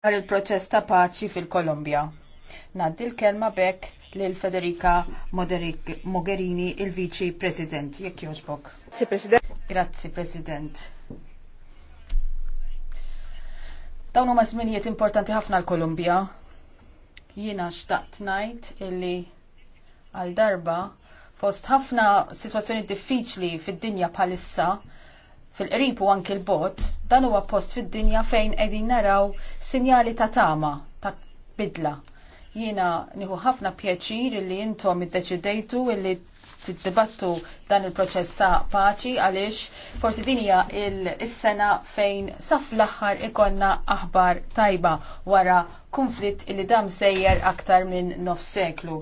dwar il-proċess ta' paċi fil-Kolombja. Naddi l-kelma bekk lil Federica Mogherini, il-Viċi President. Jekk jogħġbok. Grazie, President. Grazie, President. Dawn huma żminijiet importanti ħafna l-Kolumbja. Jiena xtaqt ngħid illi għal darba fost ħafna situazzjoni diffiċli fid-dinja bħalissa fil-qrib u anki l-bot, dan huwa post fid-dinja fejn qegħdin naraw sinjali ta' tama, ta' bidla. Jiena nieħu ħafna pjaċir li intom iddeċidejtu li tiddibattu dan il-proċess ta' paċi għaliex forsi din hija il-sena fejn saf l-aħħar ikonna aħbar tajba wara konflitt li dam sejjer aktar minn nof seklu.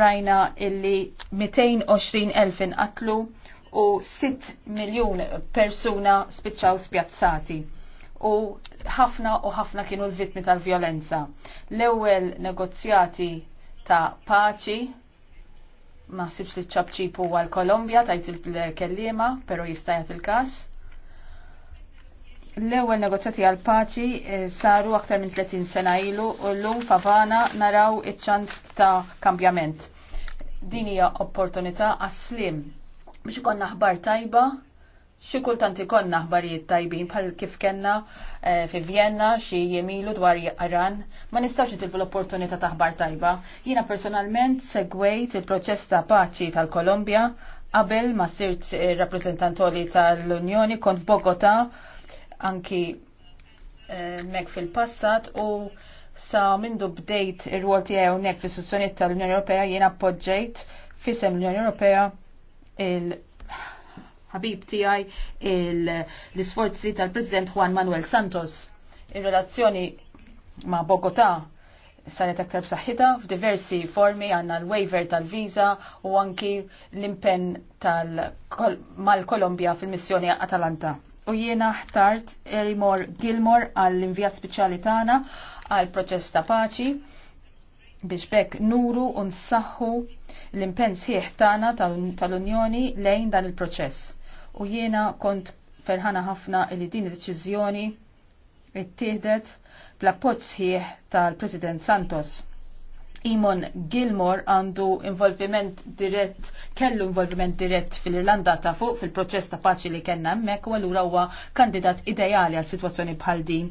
Rajna illi 220 elfin qatlu u 6 miljun persuna spiċċaw spjazzati u ħafna u ħafna kienu l vitmi tal violenza L-ewwel negozjati ta' paċi ma sibs li ċabċipu għal Kolombja tajt il-kellima, pero jistajat il-kas. L-ewwel negozjati għal paċi eh, saru aktar minn 30 sena ilu u llum favana naraw iċ-ċans ta' kambjament. Din hija opportunità għaslim biex ikonna ħbar tajba, xi kultant ikonna ħbarijiet tajbin bħal kif kenna e, fi Vienna xi jemilu dwar Iran, ma nistax nitilfu l-opportunità ta' ħbar tajba. Jiena personalment segwejt il-proċess ta' paċi tal-Kolombja qabel ma sirt rappreżentantoli tal-Unjoni kont Bogota anki e, mek fil-passat u sa mindu bdejt ir-rwol tiegħi hawnhekk fl-istituzzjonijiet tal-Unjoni Ewropea jiena appoġġejt fisem l-Unjoni Ewropea il ħabib tiegħi l-isforzi tal-President Juan Manuel Santos. Ir-relazzjoni ma' Bogotà saret aktar b'saħħitha f'diversi formi għandna l-waiver tal-viża u anki l-impenn mal-Kolombja fil-missjoni Atalanta. U jiena ħtart Elmore Gilmore għall-invjat speċjali tagħna għall proċess ta' paċi biex bekk nuru u nsaħħu l-impensieħ tagħna tal-Unjoni lejn dan il-proċess. U jiena kont ferħana ħafna li din il deċiżjoni ittieħdet bl-appoġġ sħiħ tal-President Santos. Imon Gilmore għandu involviment dirett, kellu involviment dirett fil-Irlanda ta' fuq fil-proċess ta' paċi li kena hemmhekk u allura huwa kandidat ideali għal sitwazzjoni bħal din.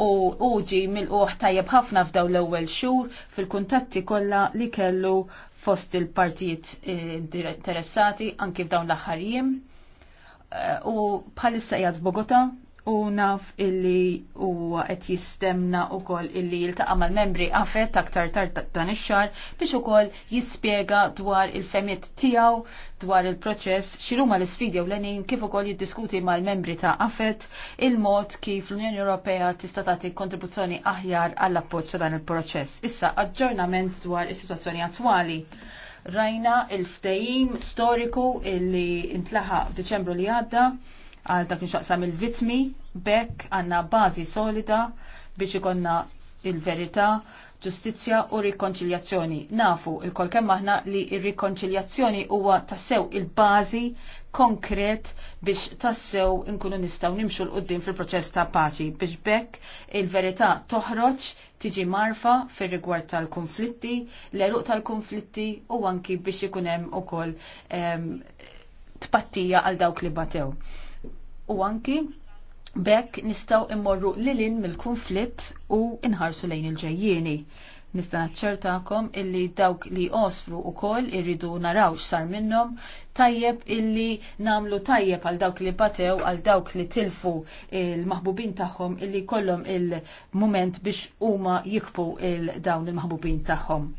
U uġi mill-uħ tajjeb ħafna f'daw l-ewwel xhur fil-kuntatti kollha li kellu fost il-partijiet eh, interessati anki f'dawn l-aħħar eh, u bħalissa jgħad Bogota u naf illi huwa qed jistemna wkoll illi jiltaqa' mal-membri għafet aktar tard dan ix xar biex ukoll jispjega dwar il-femiet tiegħu dwar il-proċess x'inhuma l l-enin kif ukoll jiddiskuti mal-membri ta' għafet il-mod kif l-Unjoni Ewropea tista' tagħti kontribuzzjoni aħjar għall-appoġġ ta' dan il-proċess. Issa aġġornament dwar is-sitwazzjoni attwali rajna il-ftejim storiku illi intlaħa f'Diċembru li għadda għal dak nxaqsam il-vitmi, bekk għanna bazi solida biex ikonna il-verità, ġustizzja u rikonċiljazzjoni. Nafu il-kol kemm aħna li il rikonċiljazzjoni huwa tassew il-bażi konkret biex tassew inkunu nistgħu nimxu l qudiem fil-proċess ta' paċi biex bekk il-verità toħroġ tiġi marfa fir-rigward tal-konflitti, l-eruq tal-konflitti u anki biex ikun hemm ukoll tpattija għal dawk li batew u anki bekk nistaw immorru lilin mill-konflitt u inħarsu lejn il-ġejjieni. Nista' naċċertakom illi dawk li osfru u koll irridu naraw sar minnom tajjeb illi namlu tajjeb għal dawk li batew għal dawk li tilfu il-maħbubin tagħhom illi kollhom il-moment biex huma jikbu il-dawn il-maħbubin tagħhom.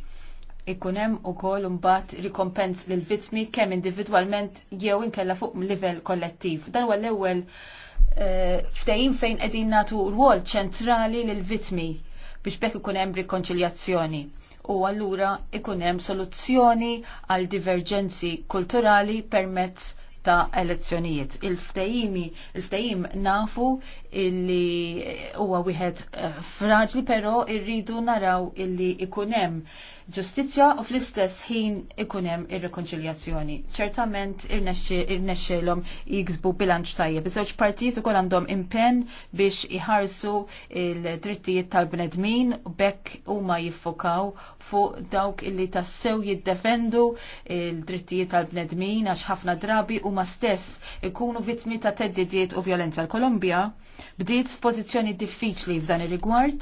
Ikun hemm ukoll mbagħad rikompens lil vittmi kemm individwalment jew inkella fuq livell kollettiv. Dan huwa l-ewwel eh, ftehim fejn qegħdin nagħtu rwol ċentrali lil vittmi biex bekk ikun hemm rikonċiljazzjoni u allura ikun hemm soluzzjoni għal diverġenzi kulturali permezz ta' elezzjonijiet. Il-ftejimi, il-ftejim nafu illi huwa wieħed eh, fraġli, però irridu naraw illi ikun hemm ġustizzja u fl-istess ħin ikunem ir-rekonċiljazzjoni. Ċertament irnexxilhom jiksbu bilanċ tajjeb. Iż-żewġ partijiet ukoll għandhom impenn biex iħarsu il-drittijiet tal-bnedmin u bekk huma jiffokaw fuq dawk illi tassew jiddefendu il-drittijiet tal-bnedmin għax ħafna drabi huma stess ikunu vittmi ta' teddidiet u violenza l-Kolombja bdiet f'pożizzjoni diffiċli f'dan ir-rigward.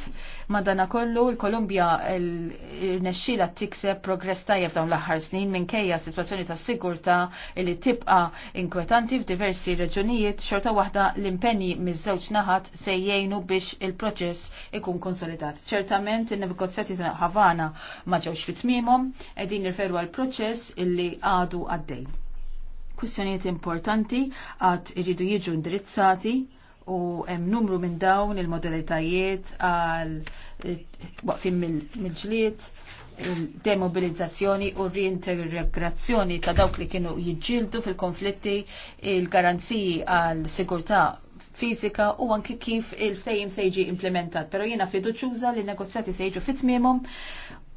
Madana kollu l-Kolombja il ila tikseb progress tajjeb dawn l-aħħar snin kejja situazzjoni ta' sigurta li tibqa inkwetanti f'diversi reġunijiet xorta waħda l-impenji miż-żewġ naħat se jgħinu biex il-proċess ikun konsolidat. Ċertament in-negozjati ta' Havana ma ġewx fit-tmiemhom qegħdin nirferu għal proċess illi għadu għaddej. Kwistjonijiet importanti għad iridu jiġu indirizzati u hemm numru minn dawn il-modalitajiet għal eh, waqfin mill ġliet demobilizzazzjoni u reintegrazzjoni ta' dawk li kienu jiġġieldu fil-konflitti il-garanziji għal sigurtà fizika u anki kif il-sejm sejġi implementat. Pero jena fiduċuża li negozjati sejġu fitmiemhom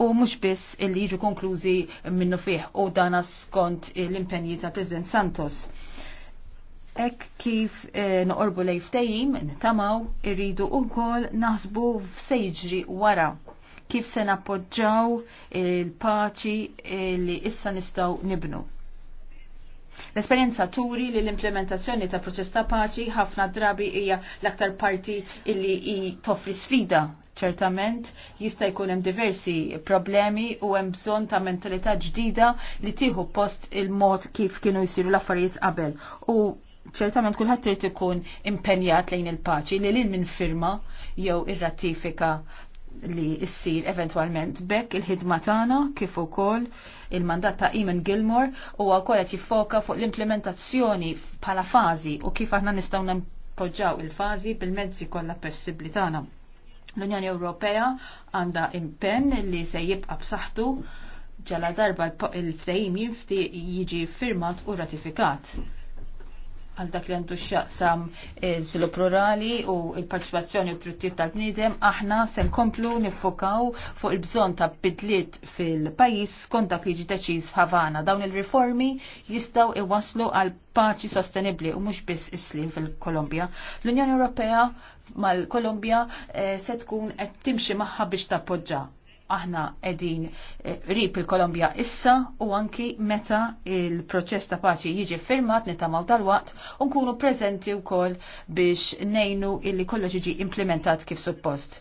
u mhux biss li jiġu konklużi minnu fih u dana skont l-impenji ta' President Santos. Ek kif eh, noqorbu lejf tejjim, nitamaw, irridu u kol naħsbu f'sejġri wara kif se nappoġġaw il-paċi li issa nistaw nibnu. L-esperienza turi li l-implementazzjoni ta' proċess ta' paċi ħafna drabi hija l-aktar parti illi toffri sfida ċertament jista' jkun hemm diversi problemi u hemm bżonn ta' mentalità ġdida li tieħu post il-mod kif kienu jsiru l-affarijiet qabel. U ċertament kulħadd trid ikun impenjat lejn il-paċi li lil minn firma jew ir-ratifika li issir eventualment bekk il-ħidma tagħna kif ukoll il-mandat ta' Eamon Gilmore u wkoll qed jiffoka fuq l-implementazzjoni bħala fażi u kif aħna nistgħu nimpoġġaw il-fażi bil-mezzi kollha possibbli tagħna. L-Unjoni Ewropea għandha impenn li se jibqa' b'saħħtu ġala darba il-ftehim jinfti jiġi firmat u ratifikat għal dak li għandu xaqsam zvilup eh, rurali u il-parċipazzjoni u trittijiet tal-bniedem, aħna se nkomplu nifokaw fuq il-bżonn ta' bidliet fil-pajjiż skont dak li ġi deċiż f'Havana. Dawn il-riformi jistgħu iwaslu għal paċi sostenibbli u mhux biss islim fil-Kolombja. L-Unjoni Ewropea mal-Kolombja eh, se tkun qed timxi magħha biex tappoġġa aħna edin eh, rip il-Kolombja issa u anki meta il-proċess ta' paċi jiġi firmat nitamaw tal waqt u nkunu prezenti u kol biex nejnu illi kollox ġiġi implementat kif suppost.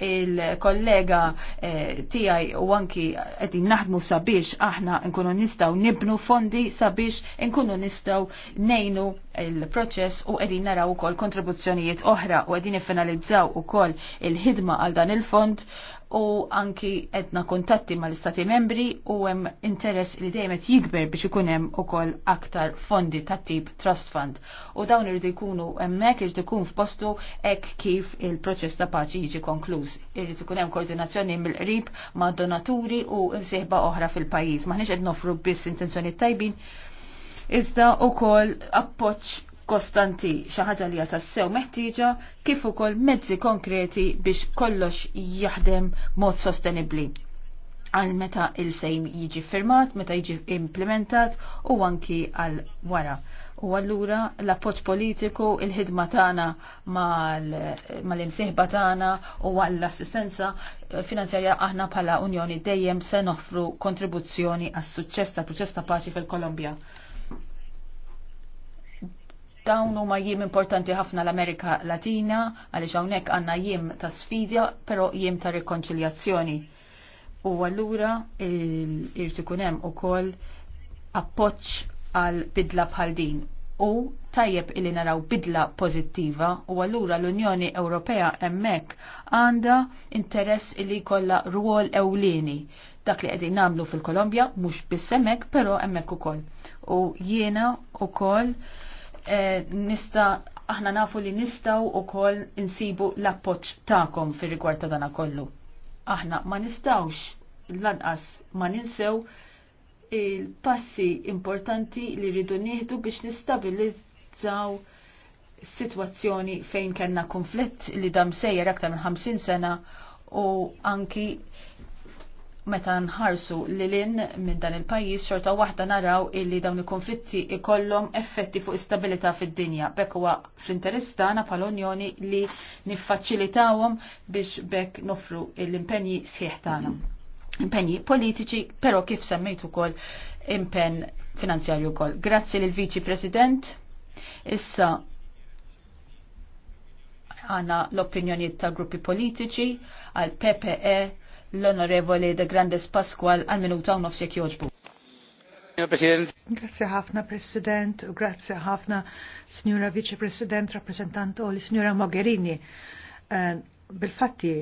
Il-kollega eh, tijaj u anki edin naħdmu sabiex aħna nkunu nistaw nibnu fondi sabiex nkunu nistaw nejnu il-proċess u edin naraw u kol kontribuzzjonijiet oħra u edin finalizzaw u kol il-ħidma għal dan il-fond u anki edna kontatti ma l-istati membri u hemm interess li dejjem qed jikber biex ikun hemm ukoll aktar fondi tat tip trust fund. U dawn irid jkunu hemmhekk irid ikun f'postu hekk kif il-proċess ta' paċi jiġi konkluż. Irid ikun hemm koordinazzjoni mill-qrib ma' donaturi u msieħba oħra fil-pajjiż. Maħniex qed nofru biss intenzjoni tajbin iżda wkoll appoġġ kostanti xi ħaġa li tas-sew meħtieġa kif ukoll mezzi konkreti biex kollox jaħdem mod sostenibbli għal meta il-fejm jiġi firmat, meta jiġi implementat u anki għal wara. U allura l-appoġġ politiku, il-ħidma tagħna mal-imsieħba tagħna u għall-assistenza finanzjarja aħna bħala Unjoni dejjem se noffru kontribuzzjoni għas-suċċess tal-proċess ta' paċi fil-Kolombja. Dawn huma jiem importanti ħafna l-Amerika Latina għaliex hawnhekk għandna jiem ta' sfidja però jiem ta' rekonċiljazzjoni. U allura irid ikun hemm ukoll appoġġ għal bidla bħal din u tajjeb illi naraw bidla pozittiva u allura l-Unjoni Ewropea hemmhekk għandha interess illi jkollha rwol ewlieni. Dak li qegħdin nagħmlu fil-Kolombja mhux biss hemmhekk, però hemmhekk ukoll. U jiena ukoll Eh, nista aħna nafu li nistaw u kol insibu l-appoċ ta'kom fir rigward ta' dana kollu. Aħna ma nistawx lanqas ma ninsew il-passi importanti li rridu nieħdu biex nistabilizzaw situazzjoni fejn kellna konflitt li dam sejjer aktar minn 50 sena u anki meta nħarsu li lin minn dan il-pajjiż xorta waħda naraw illi dawn il-konflitti ikollhom effetti fuq istabilità fid-dinja. Bekk huwa fl-interess tagħna bħal Unjoni li niffaċilitawhom biex bekk nofru l-impenji sħiħ tagħna. Impenji politiċi, però kif semmejt ukoll impenn finanzjarju wkoll. Grazzi lil viċi President. Issa għana l-opinjoni ta' gruppi politiċi għal PPE l-Onorevoli de Grandes Pasqual għal minuta u nofsek joġbu. Grazie ħafna, President, u grazie ħafna, Signora Vice President, Rappresentant u li Signora Mogherini. Eh, bil-fatti,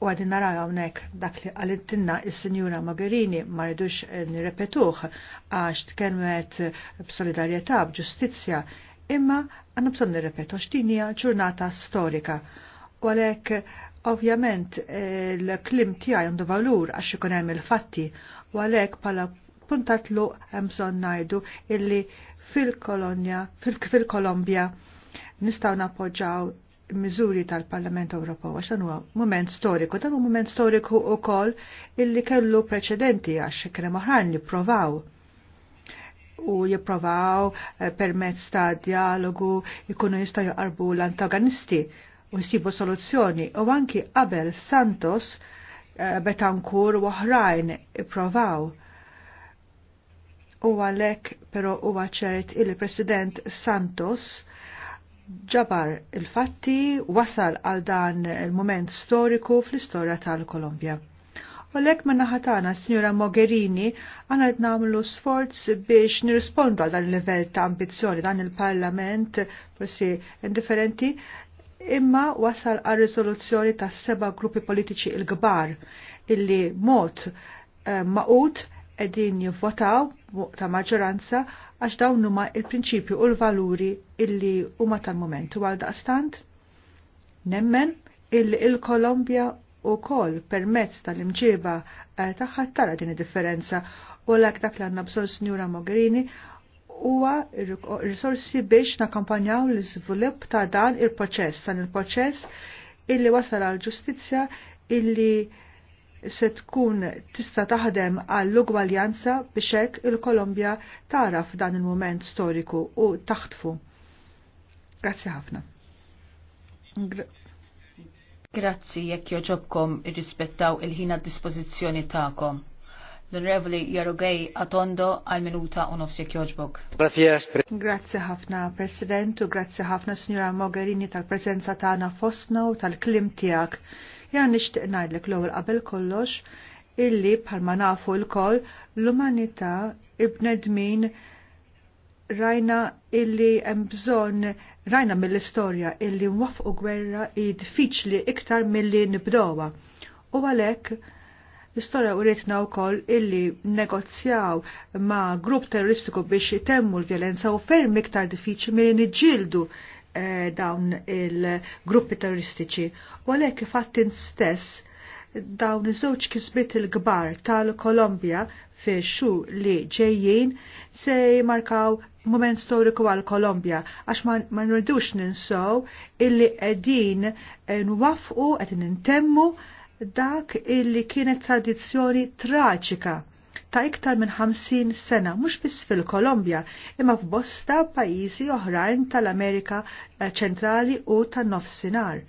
u għadin naraw għonek dak li għalittinna il-Signora Mogherini ma rridux eh, nirrepetuħ għax tkenmet b'solidarieta, b'ġustizja, imma għanna bżon nirrepetu x'dinija ġurnata storika. U għalek Ovvjament l-klim tijaj għandu valur għax ikun hemm il-fatti u għalhekk bħala puntatlu hemm bżonn ngħidu illi fil-Kolonja, fil-Kolombja nistgħu nappoġġaw miżuri tal-Parlament Ewropew għax dan huwa mument storiku, dan huwa mument storiku wkoll illi kellu preċedenti għax kien oħrajn li provaw u jipprovaw eh, permezz ta' dialogu jkunu jistgħu joqarbu l-antagonisti u jsibu soluzzjoni u anki qabel Santos Betankur eh, u oħrajn ipprovaw. U għalek pero u ċert il-President Santos ġabar il-fatti wasal għal dan il-moment storiku fl-istorja tal-Kolombja. U għalek ek minna ħatana, Signora Mogherini, għana namlu sforz biex nirrispondu għal dan il-level ta' ambizjoni dan il-parlament, forsi indifferenti, imma wasal għal riżoluzzjoni ta' seba gruppi politiċi il-gbar illi mod eh, maqut edin jivvotaw ta' maġġoranza għax dawn huma il-prinċipju u l-valuri illi huma tal-moment. Għal daqstant, nemmen illi il-Kolombja u kol permezz tal-imġiba eh, tagħha tara din id-differenza u l dak li għanna bżonn Signora Mogherini huwa risorsi biex nakkampanjaw l-iżvilupp ta' dan il-proċess, dan il-proċess illi wasal għal ġustizzja illi se tkun tista' taħdem għall ugwaljanza biex hekk il-Kolombja tara f'dan il-moment storiku u taħtfu. Grazzi ħafna. Grazzi jekk joġobkom irrispettaw il-ħina d-dispożizzjoni tagħkom l revoli Jarogej Atondo għal minuta u nofsi kjoġbok. Grazie ħafna, President, u grazie ħafna, Signora Mogherini, tal-prezenza tagħna fostna u tal-klim tiegħek. Ja nixtieq ngħidlek l-ewwel qabel kollox illi bħalma nafu l l-umanità ibnedmin rajna illi hemm bżonn rajna mill-istorja illi nwafqu gwerra i diffiċli iktar milli nibdowa. U għalhekk l istoria u rritna u koll illi negozjaw ma' grupp terroristiku biex jitemmu l-violenza u ferm iktar diffiċi minn iġildu eh, dawn il-gruppi terroristiċi. U għalek fattin stess dawn iż-żewġ kisbiet il-kbar tal kolombia fi xu li ġejjin se jmarkaw moment storiku għal Kolombja għax ma nridux ninsow illi qegħdin nwafqu qed nintemmu dak illi kienet tradizzjoni traċika ta' iktar minn 50 sena, mhux biss fil-Kolombja, imma f'bosta pajjiżi oħrajn tal-Amerika eh, ċentrali u tan-nofsinhar.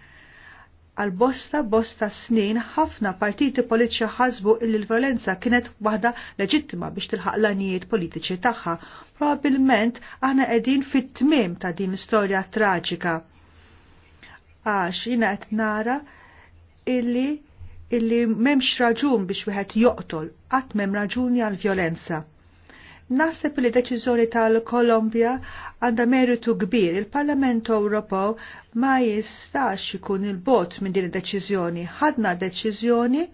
Għal bosta bosta snin ħafna partiti politiċi ħasbu illi l-violenza kienet waħda leġittima biex tilħaq l-anijiet politiċi tagħha. Probabilment aħna qegħdin fit-tmiem ta' din l-istorja traġika. Għax jiena qed nara illi illi memx raġun biex wieħed joqtol, qatt mem raġuni għal violenza. Naħseb li deċiżjoni tal-Kolombja għandha meritu kbir il-Parlament Ewropew ma jistax ikun il-bot minn din id-deċiżjoni. Ħadna deċiżjoni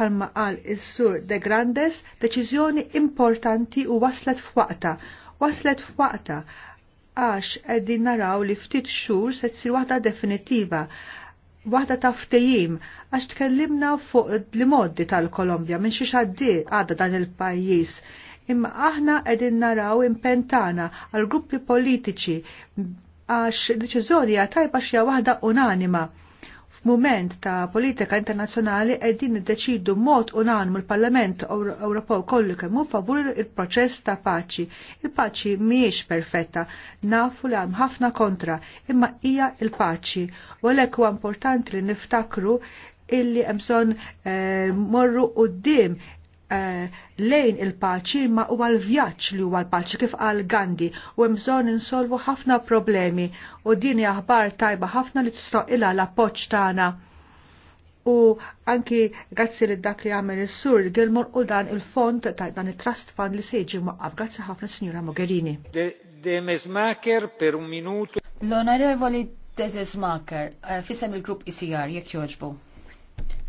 palma qal is-sur De Grandes, deċiżjoni importanti u waslet f'waqta. Waslet f'waqta għax qegħdin naraw li ftit xhur se tsir waħda definitiva waħda ta' ftejim għax tkellimna fuq li modi tal-Kolombja minn xi xaddi għadda dan il-pajjiż. Imma aħna qegħdin naraw impentana għal gruppi politiċi għax deċiżjoni tajba xi waħda unanima mument ta' politika internazzjonali qegħdin iddeċidu mod unanmu l-Parlament Ewropew kollu kemm favur il-proċess ta' paċi. Il-paċi mhijiex perfetta, nafu li hemm ħafna kontra, imma hija il-paċi. U għalhekk huwa importanti li niftakru illi hemm bżonn eh, morru quddiem Eh, lejn il-paċi ma huwa l-vjaġġ li huwa l-paċi kif għal Gandhi u hemm insolvu ħafna problemi u din hija aħbar tajba ħafna li ila l-appoġġ tagħna. U anki grazzi li dak li għamel is-sur Gilmore u dan il-fond ta' dan it-trust fund li se jiġi maqab. Grazzi ħafna Sinjura Mogherini. De Mesmaker per un minuto. L-Onorevoli Dezesmaker, eh, fissem il-grupp ICR, e jekk joġbu.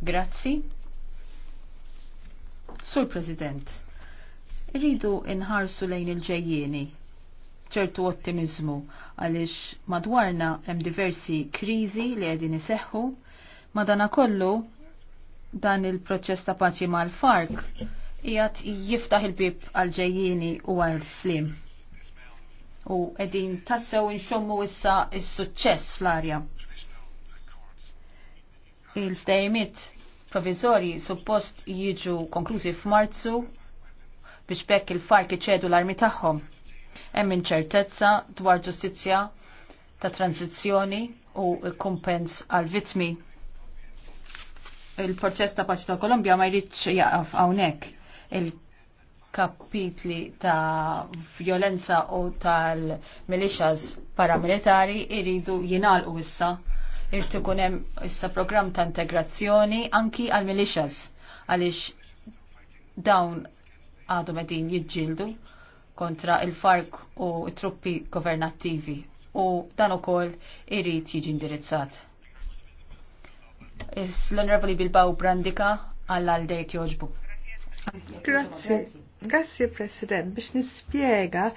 Grazzi. Sur President, irridu inħarsu lejn il-ġejjieni ċertu ottimizmu għaliex madwarna hemm diversi kriżi li qegħdin iseħħu, madana kollu dan il-proċess ta' paċi mal-fark jgħat jiftaħ il-bib għal ġejjieni u għal-slim. U qegħdin tassew inxommu issa il-suċċess fl-arja. Il-ftejmit provizori suppost jiġu konklużi f'Marzu biex bekk il-fark iċedu l-armi tagħhom. Hemm inċertezza dwar ġustizzja ta' tranzizzjoni u kumpens għal vitmi. Il-proċess ta' paċi ta' Kolombja ma jridx jaqaf hawnhekk. Il-kapitli ta' violenza u tal-militias paramilitari iridu jingħalqu issa irtu kunem issa program ta' integrazzjoni anki għal militias għalix dawn għadu medin jidġildu kontra il-fark u truppi governattivi u dan ukoll irrit jiġi indirizzat. L-Onorevoli Bilbao Brandika għall-għaldejk joġbu. Grazie, grazie President, biex nispiega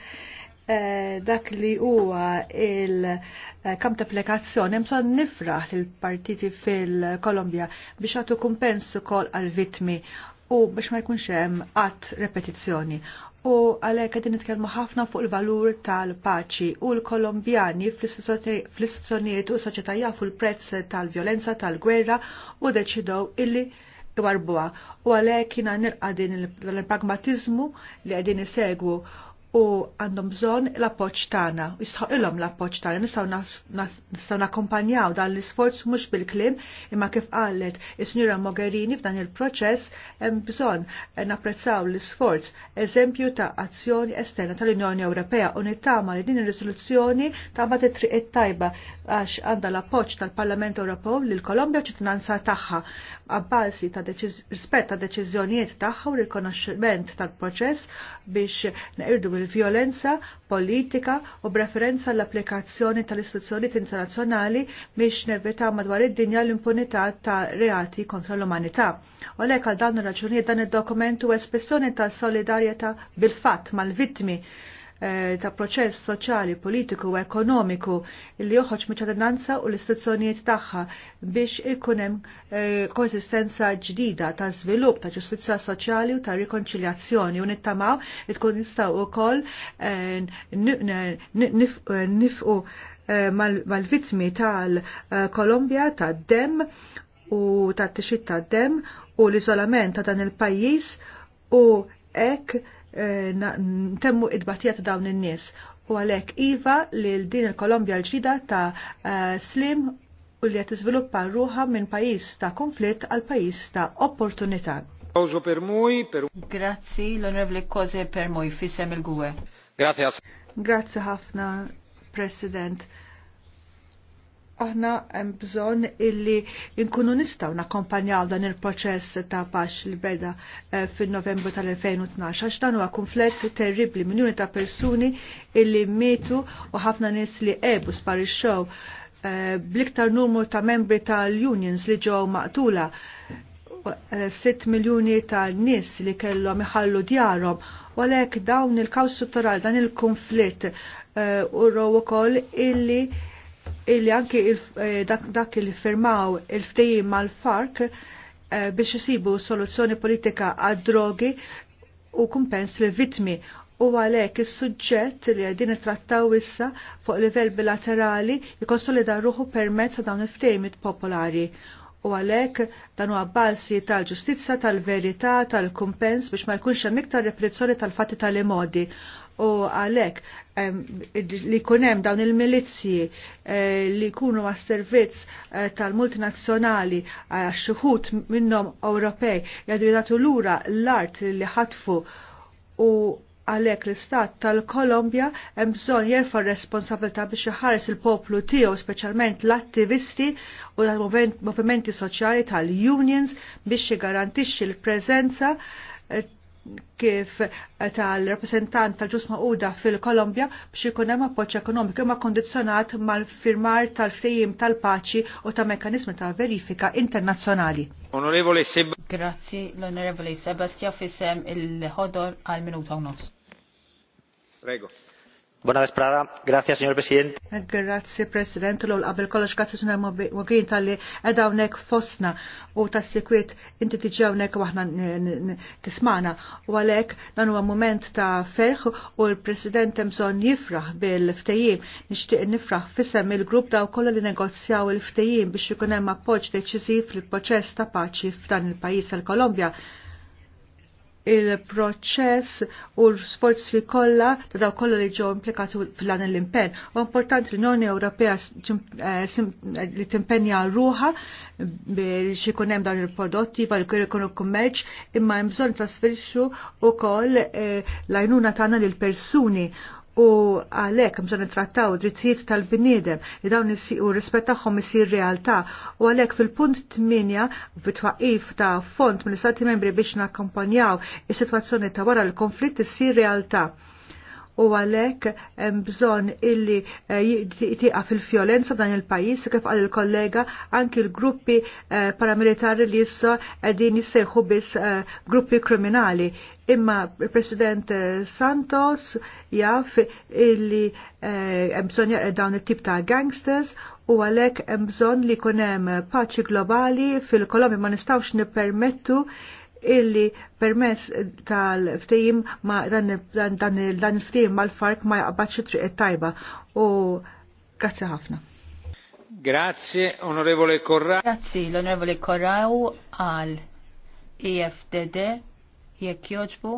Eh, dak li huwa il-kam ta' applikazzjoni msa nifraħ lil partiti fil-Kolombja biex għatu kumpens ukoll għal-vitmi u biex ma jkunx hemm qatt repetizzjoni. U għalhekk qegħdin nitkellmu ħafna fuq il-valur tal-paċi u l-Kolombjani fl-istituzzjonijiet u soċjetà jafu l-prezz tal-vjolenza tal-gwerra u deċidew illi warbuha. U għalhekk jiena nilqa' din il-pragmatizmu li qegħdin isegwu u għandhom bżonn l-appoġġ tagħna, u ilhom l-appoġġ tagħna, nistgħu nistgħu nakkompanjaw dan l-isforz mhux bil-kliem imma kif għallet is-Sinjura Mogherini f'dan il-proċess hemm bżonn napprezzaw l-isforz eżempju ta' azzjoni esterna tal-Unjoni Ewropea u nittama li din ir-riżoluzzjoni tagħmel it-triq tajba għax għandha l-appoġġ tal-Parlament Ewropew lil Kolombja ċitnanza tagħha għabbalsi ta' rispett ta' deċiżjonijiet tagħha u rikonoxximent tal-proċess biex neqirdu l vjolenza politika u b'referenza l-applikazzjoni tal-istituzzjonijiet internazzjonali biex nevita madwar id-dinja l-impunità ta' reati kontra l-umanità. U għalhekk għal dan ir-raġunijiet dan id-dokument u espressjoni tal-solidarjetà bil-fatt mal-vittmi Eh, ta' proċess soċjali, politiku u ekonomiku li joħroġ miċ-ċittadinanza u l-istituzzjonijiet tagħha biex ikun hemm eh, konsistenza ġdida ta' żvilupp ta' ġustizzja soċjali u ta' rikonċiljazzjoni u nittamaw li tkun nistgħu wkoll eh, nifqu mal-vitmi tal-Kolombja tad dem u ta' tixit tad dem u l-iżolament ta' dan il-pajjiż u hekk Eh, temmu id-batija ta' dawn in-nies. U għalek iva li l din il-Kolombja l-ġdida ta' eh, slim u li qed izviluppa ruħa minn pajis ta' konflitt għal pajis ta' opportunità. per per... Grazzi l-Onorevoli Kose per muj fissem il-Gwe. Grazie. Grazie ħafna, President aħna hemm bżonn illi nkunu nistgħu nakkompanjaw dan il-proċess ta' paċ li beda eh, fin-Novembru tal-2012 għax dan huwa kunflett terribli miljuni ta' persuni illi mietu u ħafna nies li ebu sparixxew eh, bliktar numru ta' membri tal-unions li ġew maqtula 6 eh, miljuni ta' nies li kellhom iħallu djarhom u għalhekk dawn il kaw strutturali dan il-konflitt u row ukoll illi illi anki eh, dak, li il firmaw il-ftejim mal-fark eh, biex jisibu soluzzjoni politika għad-drogi u kumpens li vitmi u għalek is suġġett li għedin trattaw issa fuq livell bilaterali jikonsolida ruħu permezz ta' dawn il-ftejmit popolari u għalek dan huwa tal-ġustizza, tal-verità, tal-kumpens biex ma jkunx hemm iktar repressjoni tal-fatti tal-imodi. tal fatti tal imodi u għalek li kunem dawn il milizji eh, li kunu ma' servizz eh, tal-multinazzjonali eh, għax-xuħut minnom Ewropej jgħadu l-ura l-art li ħatfu u għalek l-istat tal-Kolombja hemm jirfa jerfa' responsabilità biex iħares il-poplu tiegħu speċjalment l-attivisti u l-movimenti soċjali tal-unions biex jgarantixxi l prezenza kif tal-rappresentant tal ġusma Uda fil-Kolombja biex ikun hemm appoġġ ekonomiku imma kondizzjonat mal-firmar tal-ftehim tal-paċi u ta' mekanizmi ta' verifika internazzjonali. Onorevole Seb Grazzi l-Onorevole Sebastia fisem il-ħodor għal minuta u nofs. Prego. Buona vesprada, grazie signor Presidente. Eh, grazie Presidente, l qabel kollox grazie sunna Mogherin tal-li edawnek fosna u tassikwit inti tiġewnek u aħna tismana u għalek dan huwa moment ta' ferħ u l-President bżonn jifraħ bil ftejim nixtieq nifraħ fisem il-grupp daw kollha li negozjaw il ftejim biex ikun hemm appoġġ deċiżiv fil-proċess ta' paċi f'dan il-pajjiż tal-Kolombja il-proċess u l-sforzi kollha ta' daw kollha li ġew implikati fil-dan l-impenn. U importanti l-Unjoni Ewropea eh, eh, li timpenja ruħa biex ikun hemm dawn il-prodotti val ikunu kummerċ imma hemm bżonn trasferixxu wkoll eh, l-għajnuna tagħna lill persuni u għalhekk bżonn trattaw drittijiet tal-bniedem li dawn u rispett tagħhom isir realtà u għalhekk fil-punt 8 bit twaqif ta' font mill-Istati membri biex nakkampanjaw is-sitwazzjoni ta' wara l-konflitt isir realtà u għalhekk hemm bżonn illi eh, tieqa fil fjolenza dan il-pajjiż u kif qal il-kollega anki l-gruppi eh, paramilitari li jissa qegħdin jissejħu biss eh, gruppi kriminali. Imma il-President Santos jaf illi hemm bżonn jaqra dawn it-tip ta' gangsters u għalhekk hemm bżonn li kunem hemm paċi globali fil-Kolombja ma nistgħux nippermettu illi permess tal ftim ma dan, dan, il ftim ma l-fark ma jaqbaċ triq tajba u grazzi ħafna. Grazie, onorevole Corrao. Grazie, l'onorevole Corrao għal EFDD, jekk joġbu.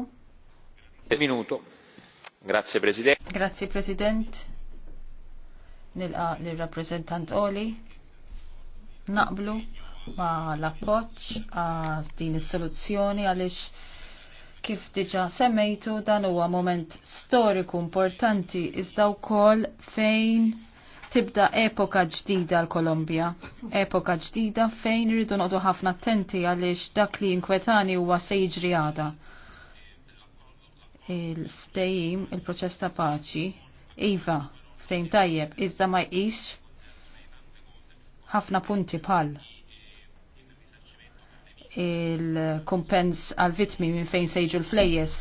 Minuto. Grazie, Presidente. Grazie, President. Nilqa l-rappresentant Oli. Naqblu ma l-appoċ għal din is-soluzzjoni għaliex kif diġa semmejtu dan huwa moment storiku importanti iżda wkoll fejn tibda epoka ġdida l-Kolombja. Epoka ġdida fejn rridu noqdu ħafna attenti għaliex dak li inkwetani huwa se jiġri għada. Il-ftejim, il-proċess ta' paċi, iva, ftejim tajjeb, iżda ma jqix ħafna punti pal il-kompens għal vitmi minn fejn sejġu l-flejjes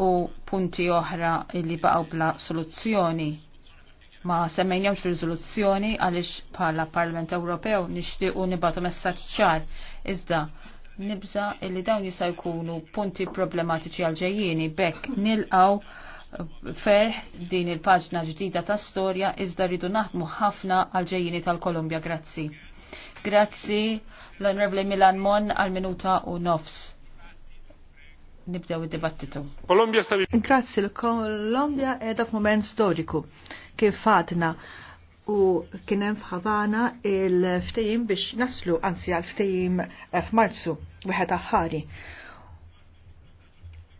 u punti oħra li baqaw bla soluzzjoni. Ma semmejnjawx rizoluzzjoni għalix bħala Parlament Ewropew nixtiequ nibatu messaġġ ċar iżda nibża illi dawn jista' jkunu punti problematiċi għal ġejjieni bekk nilqaw ferħ din il-paġna ġdida ta' storja iżda rridu naħdmu ħafna għal ġejjieni tal-Kolumbja. Grazzi. Grazzi l-Onorevoli Milan Mon għal minuta u nofs. Nibdew id-dibattitu. Grazzi l-Kolombja edha f-moment storiku kif fatna u kienem f'Havana il-ftejim biex naslu anzi għal ftejim eh, f'Marzu, wieħed aħħari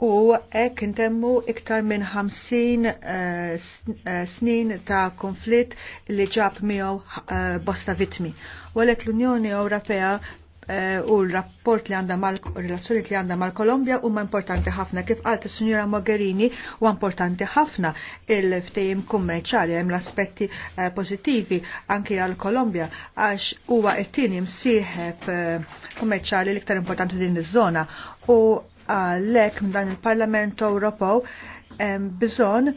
u ek intemmu iktar minn 50 eh, eh, snin ta' konflitt li ġab miegħu eh, bosta vitmi. U għalhekk l-Unjoni Ewropea u l-rapport li għanda mal relazzjoni li għanda mal Kolombja huma importanti ħafna kif qalt is-Sinjura Mogherini u importanti ħafna il-ftehim kummerċali hemm l-aspetti pożittivi anke għal Kolombja għax huwa qed tieni msieħeb kummerċali l-iktar importanti din iż-żona u għalhekk minn dan il-Parlament Ewropew hemm bżonn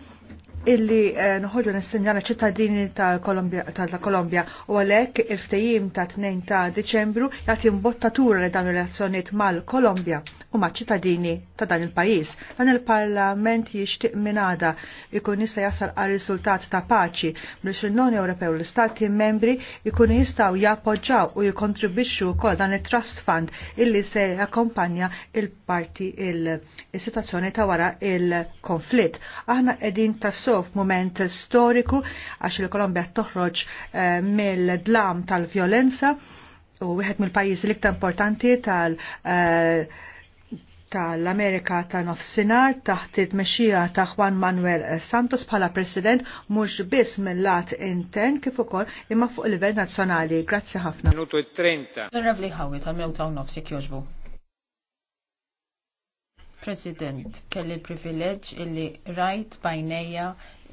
illi eh, nħollu nistinjana ċittadini ta' kolombja u għalek il-ftejim ta' 2 ta' Deċembru jgħati mbottatura li dan relazzjoniet mal-Kolombja u ma' ċittadini ta' dan il-pajis. Dan il-Parlament jixtieq minada ikun jista' jasal għal riżultat ta' paċi biex l-Unjoni Ewropew l-Istati membri ikun jistgħu jappoġġaw u jikontribwixxu wkoll dan it-Trust Fund illi se jakkompanja il-parti il-sitwazzjoni ta' wara il-konflitt. Aħna qegħdin tassu jew f'mument storiku għax il-Kolombja toħroġ eh, mill-dlam tal-vjolenza u wieħed mill-pajjiżi l-iktar importanti tal- eh, tal-Amerika ta' nofsinar taħt it mexija ta' Juan Manuel Santos bħala President mhux biss mill-lat intern kif ukoll imma fuq livell nazzjonali. Grazzi ħafna. Minuto 30. E Onorevoli Ħawi tal-Mewta u nofsi kjoġbu. President, kelli privileġġ illi rajt bajnejja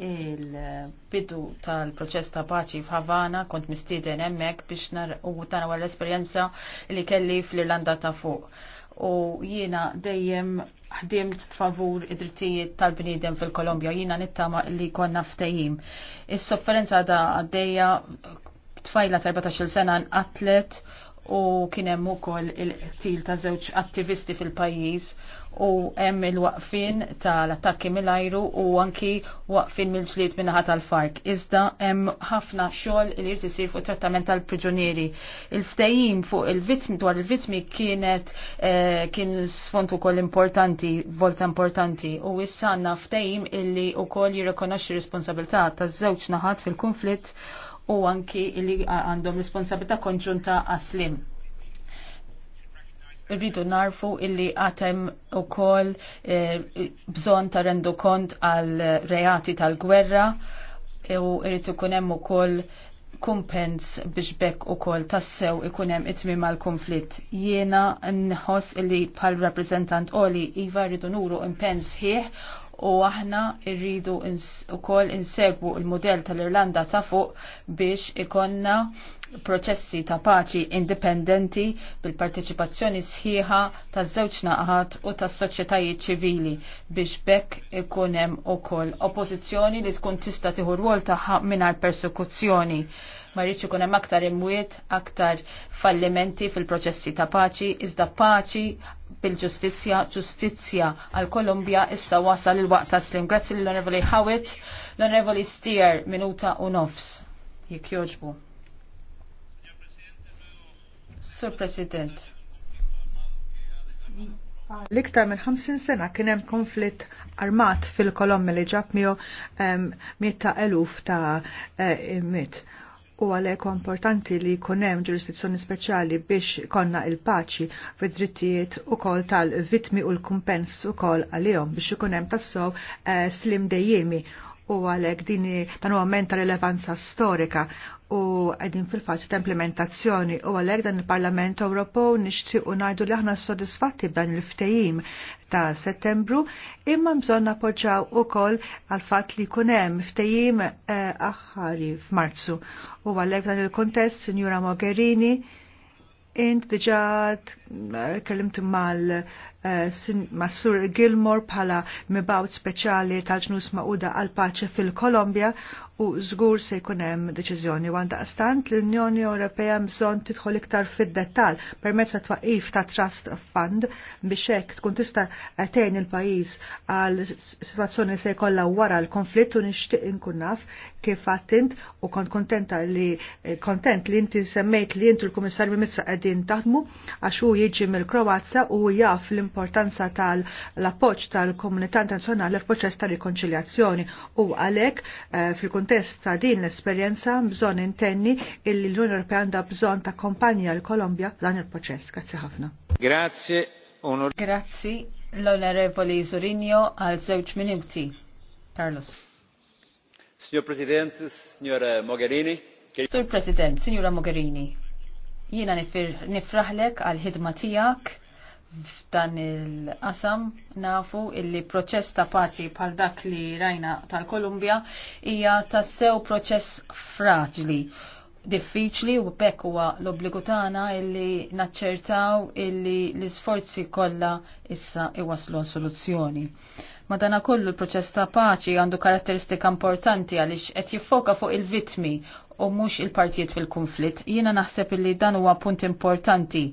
il-bidu tal-proċess ta' paċi f'Havana kont mistieden hemmhekk biex nar u tanawa l-esperjenza li kelli fl-Irlanda ta' fuq. U jiena dejjem ħdimt favur id-drittijiet tal-bniedem fil-Kolombja, jiena nittama li konna ftejim. Is-sofferenza da għaddejja tfajla ta' 14 sena nqatlet u kien hemm ukoll il-qtil ta' żewġ attivisti fil-pajjiż u hemm il-waqfin tal-attakki mill-ajru u anki waqfin mill-ġlied minnaħa tal-fark. Iżda hemm ħafna xogħol li jrid isir fuq trattament tal-priġunieri. Il-ftehim fuq il-vittmi dwar il-vittmi kienet eh, kien sfond ukoll importanti, volta importanti u issa għandna ftehim illi wkoll jirrikonoxxi responsabilità taż-żewġ naħat fil-konflitt u anki li għandhom responsabilità konġunta għaslim rridu narfu illi għatem u kol e, bżon ta' rendu kont għal reati tal-gwerra u rridu kunem u kol kumpens biex bekk u kol tassew ikunem itmi mal konflitt Jiena nħoss illi pal rappresentant oli iva rridu nuru impens ħieħ u aħna rridu u kol insegwu il-modell tal-Irlanda ta' fuq biex ikonna proċessi ta' paċi indipendenti bil-parteċipazzjoni sħiħa ta' żewġ naqħat u ta' soċjetajiet ċivili biex bekk ikun hemm ukoll oppożizzjoni li tkun tista' tieħu rwol tagħha mingħajr persekuzzjoni. Ma rridx ikun hemm aktar imwiet, aktar fallimenti fil-proċessi ta' paċi, iżda paċi bil-ġustizzja, ġustizzja għal Kolumbja issa wasal il-waqt taslim. Grazzi l-Onorevoli Howitt, l-Onorevoli Stier minuta u nofs. Jek joġbu. Sur President. L-iktar minn 50 sena kien hemm konflitt armat fil kolom li ġab miegħu miet ta' eluf ta' immiet. Eh, u għalhekk importanti li jkun hemm ġurisdizzjoni speċjali biex konna il-paċi fid-drittijiet ukoll tal-vittmi u l-kumpens ukoll għalihom biex ikun hemm tassew eh, slim dejjemi u għalek din dan huwa ta' rilevanza storika u għedin fil-fazi ta' implementazzjoni u għalek dan il-Parlament Ewropew nixtieq u ngħidu li aħna sodisfatti b'dan il-ftehim ta' Settembru imma bżonn appoġġjaw ukoll għal fatt li jkun hemm ftejim eh, aħħari f'Marzu. U għalek dan il-kontest, Sinjura Mogherini, int diġa eh, kellimt mal Eh, Massur Gilmor bħala mibawt speċjali tal-ġnus maquda għal paċe fil-Kolombja u żgur se jkun hemm deċiżjoni għandha stant l-Unjoni Ewropea mżon tidħol iktar fid-dettall permezz ta' twaqif ta' Trust Fund biex hekk tkun tista' tgħin il-pajjiż għal sitwazzjoni se jkollha wara l-konflitt u nixtieq inkun naf kif għattint u kont kontenta li kontent li inti semmejt li intu l-Kummissarju Mizza qegħdin taħdmu għax hu jiġi mill-Kroazja u jaf li l-importanza tal-appoġġ tal-komunità internazzjonali l-proċess ta' rikonċiljazzjoni u għalhekk eh, fil-kuntest ta' din l-esperjenza bżonn intenni illi l-Unjoni Ewropea għandha bżonn ta' kompanja l-Kolombja dan il-proċess. Grazzi ħafna. Grazie, onor. l-Onorevoli Zorinjo għal żewġ minuti. Carlos. Signor President, Signora Mogherini. Sur President, Signora Mogherini, jiena nifraħlek għal ħidma tijak f'dan il-qasam nafu illi proċess ta' paċi bħal dak li rajna tal-Kolumbja hija tassew proċess fraġli diffiċli u bekk huwa l-obbligu tagħna illi naċċertaw illi l-isforzi kollha issa iwaslu soluzzjoni. Madana kollu l-proċess ta' paċi għandu karatteristika importanti għaliex qed jiffoka fuq il-vitmi u mhux il-partijiet fil-konflitt. Jiena naħseb illi dan huwa punt importanti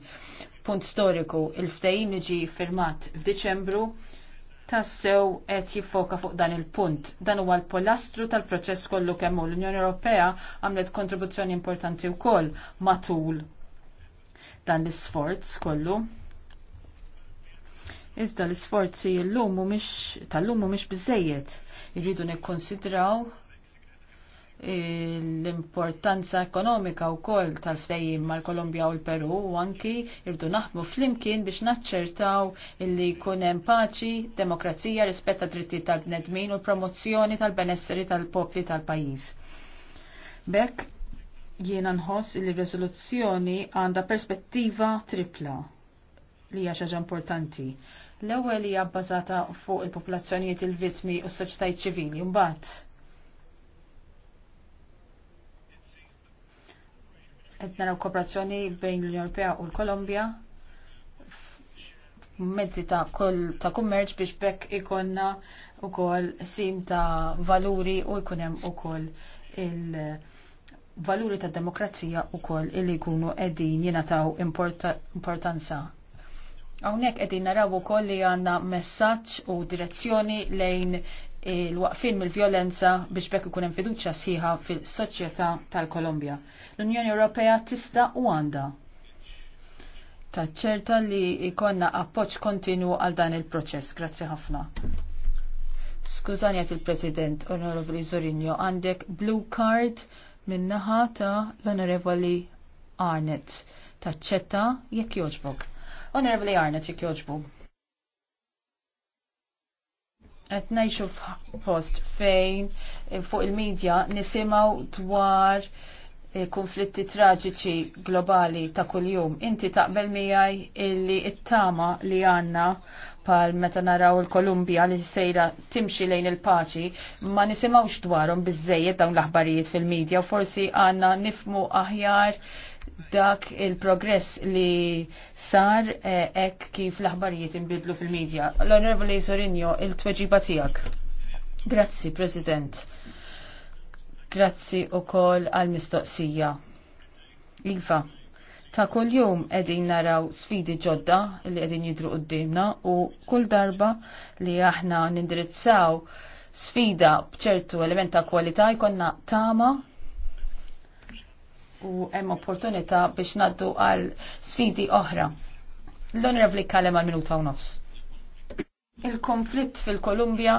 punt storiku il-ftejim iġi firmat f'Diċembru tassew qed jiffoka fuq dan il-punt. Dan huwa l-polastru tal-proċess kollu kemm l-Unjoni Ewropea għamlet kontribuzzjoni importanti wkoll matul dan l-isforz kollu. Iżda l-isforzi l-lum mhumiex tal-lum mhumiex biżejjed. Irridu nikkonsidraw l-importanza ekonomika u kol tal-ftejjim mal kolombia u l-Peru u anki irdu naħdmu fl-imkien biex naċċertaw illi kunem paċi, demokrazija, rispetta dritti tal-bnedmin u l-promozzjoni tal-benesseri tal-popli tal-pajis. Bekk jiena nħoss li r-rezoluzzjoni għandha perspettiva tripla li hija importanti. L-ewwel hija bbażata fuq il-popolazzjonijiet il-vittmi u s soċtajt ċivili, mbagħad Qed naraw kooperazzjoni bejn l-Unjoni Ewropea u l-Kolombja mezzi ta' kol ta' kummerċ biex bekk ikonna u kol sim ta' valuri u jkunem u kol il-valuri ta' demokrazija u kol illi jkunu edin jena ta' importanza. Għawnek edin naraw u koll li għanna messaċ u direzzjoni lejn il-waqfin mill-violenza biex bekk ikun hemm fiduċja sieħa fil-soċjetà tal-Kolombja. L-Unjoni Ewropea tista' u għandha taċċerta li ikonna appoġġ kontinu għal dan il-proċess. Grazzi ħafna. Skużani għat il-President, Onorevoli Zorinjo, għandek blue card minnaħa ta' l-Onorevoli Arnett. Taċċetta jekk joġbog. Onorevoli Arnett jekk joġbog qed ngħixu f'post fejn eh, fuq il-medja nisimgħu dwar eh, konflitti traġiċi globali ta' kuljum. Inti taqbel miegħi illi it-tama li għandna pal meta naraw il kolumbija li sejra timxi lejn il-paċi, ma nisimawx dwarhom biżejjed dawn l-aħbarijiet fil-medja u forsi għandna nifmu aħjar dak il-progress li sar eh, ek kif l-aħbarijiet imbidlu fil-medja. L-Onorevoli Sorinjo, il-tweġiba tijak. Grazzi, President. Grazzi u kol għal-mistoqsija. Iva, ta' kol jum edin naraw sfidi ġodda li edin jidru qoddimna u kull darba li aħna nindirizzaw sfida bċertu elementa ta' kwalità jkonna tama u hemm opportunità biex naddu għal sfidi oħra. L-Onorevli Kalem għal minuta u nofs. Il-konflitt fil-Kolumbja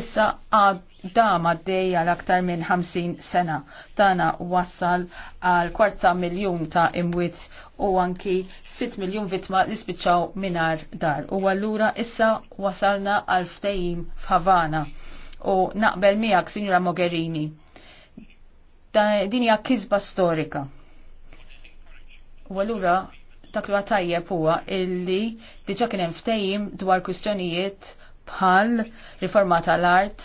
issa għadda għaddej għal aktar minn 50 sena. Tana wassal għal kwarta miljon ta' imwit u anki 6 miljon vitma li spiċċaw minar dar. U għallura issa wasalna għal ftejim f'Havana. U naqbel miegħek, Sinjura Mogherini, din hija kisba storika. U allura dak li tajjeb huwa illi diġà kien hemm ftejim dwar kwistjonijiet bħal riforma tal-art,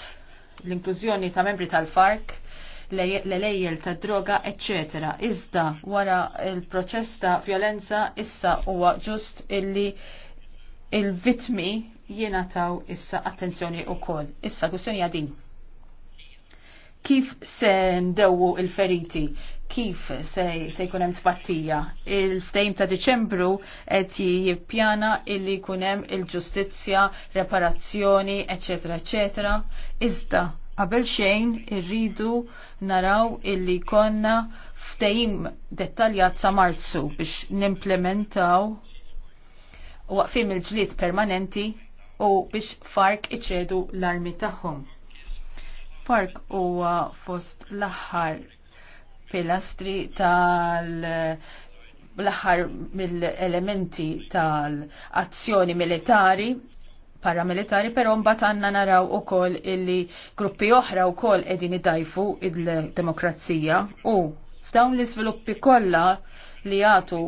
l-inklużjoni ta' membri tal-fark, l-lejjel ta' droga, etc. Iżda wara il-proċess ta' violenza issa huwa ġust illi il-vitmi jiena taw issa attenzjoni u koll. Issa kustjoni għadin kif se ndewu il-feriti, kif se, se jkunem tbattija. Il-ftejm ta' Deċembru qed jippjana illi jkunem il-ġustizzja, reparazzjoni, eċetera, eċetera. Iżda, qabel xejn irridu naraw illi konna ftejm dettaljat sa' marzu biex nimplementaw waqfim il ġlied permanenti u biex fark iċedu l-armi tagħhom Park huwa fost l-aħħar pilastri tal l-aħħar mill-elementi tal-azzjoni militari paramilitari, pero mbagħad għandna naraw ukoll illi gruppi oħra wkoll qegħdin dajfu id demokrazija u f'dawn l-iżviluppi kollha li għatu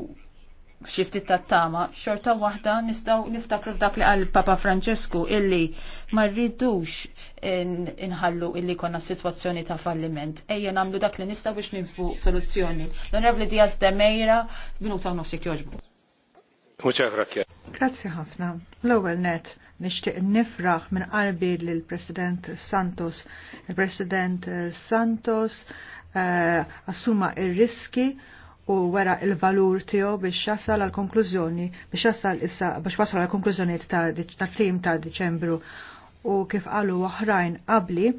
xifti ta' tama xorta wahda nistaw niftakru dak li għal Papa Francesku illi ma rridux inħallu illi konna situazzjoni ta' falliment. Ejja namlu dak li nistaw biex ninsbu soluzzjoni. L-Onorevli Diaz de Meira, minuta u nofsik joġbu. Grazie ħafna. L-ewwel net nixtieq nifraħ minn qalbi lill President Santos. Il-President Santos eh, assuma ir-riski u wara il-valur tiegħu biex jasal għal konklużjoni biex jasal issa biex wasal għal konklużjoni ta' tim ta' Diċembru u kif qalu oħrajn qabli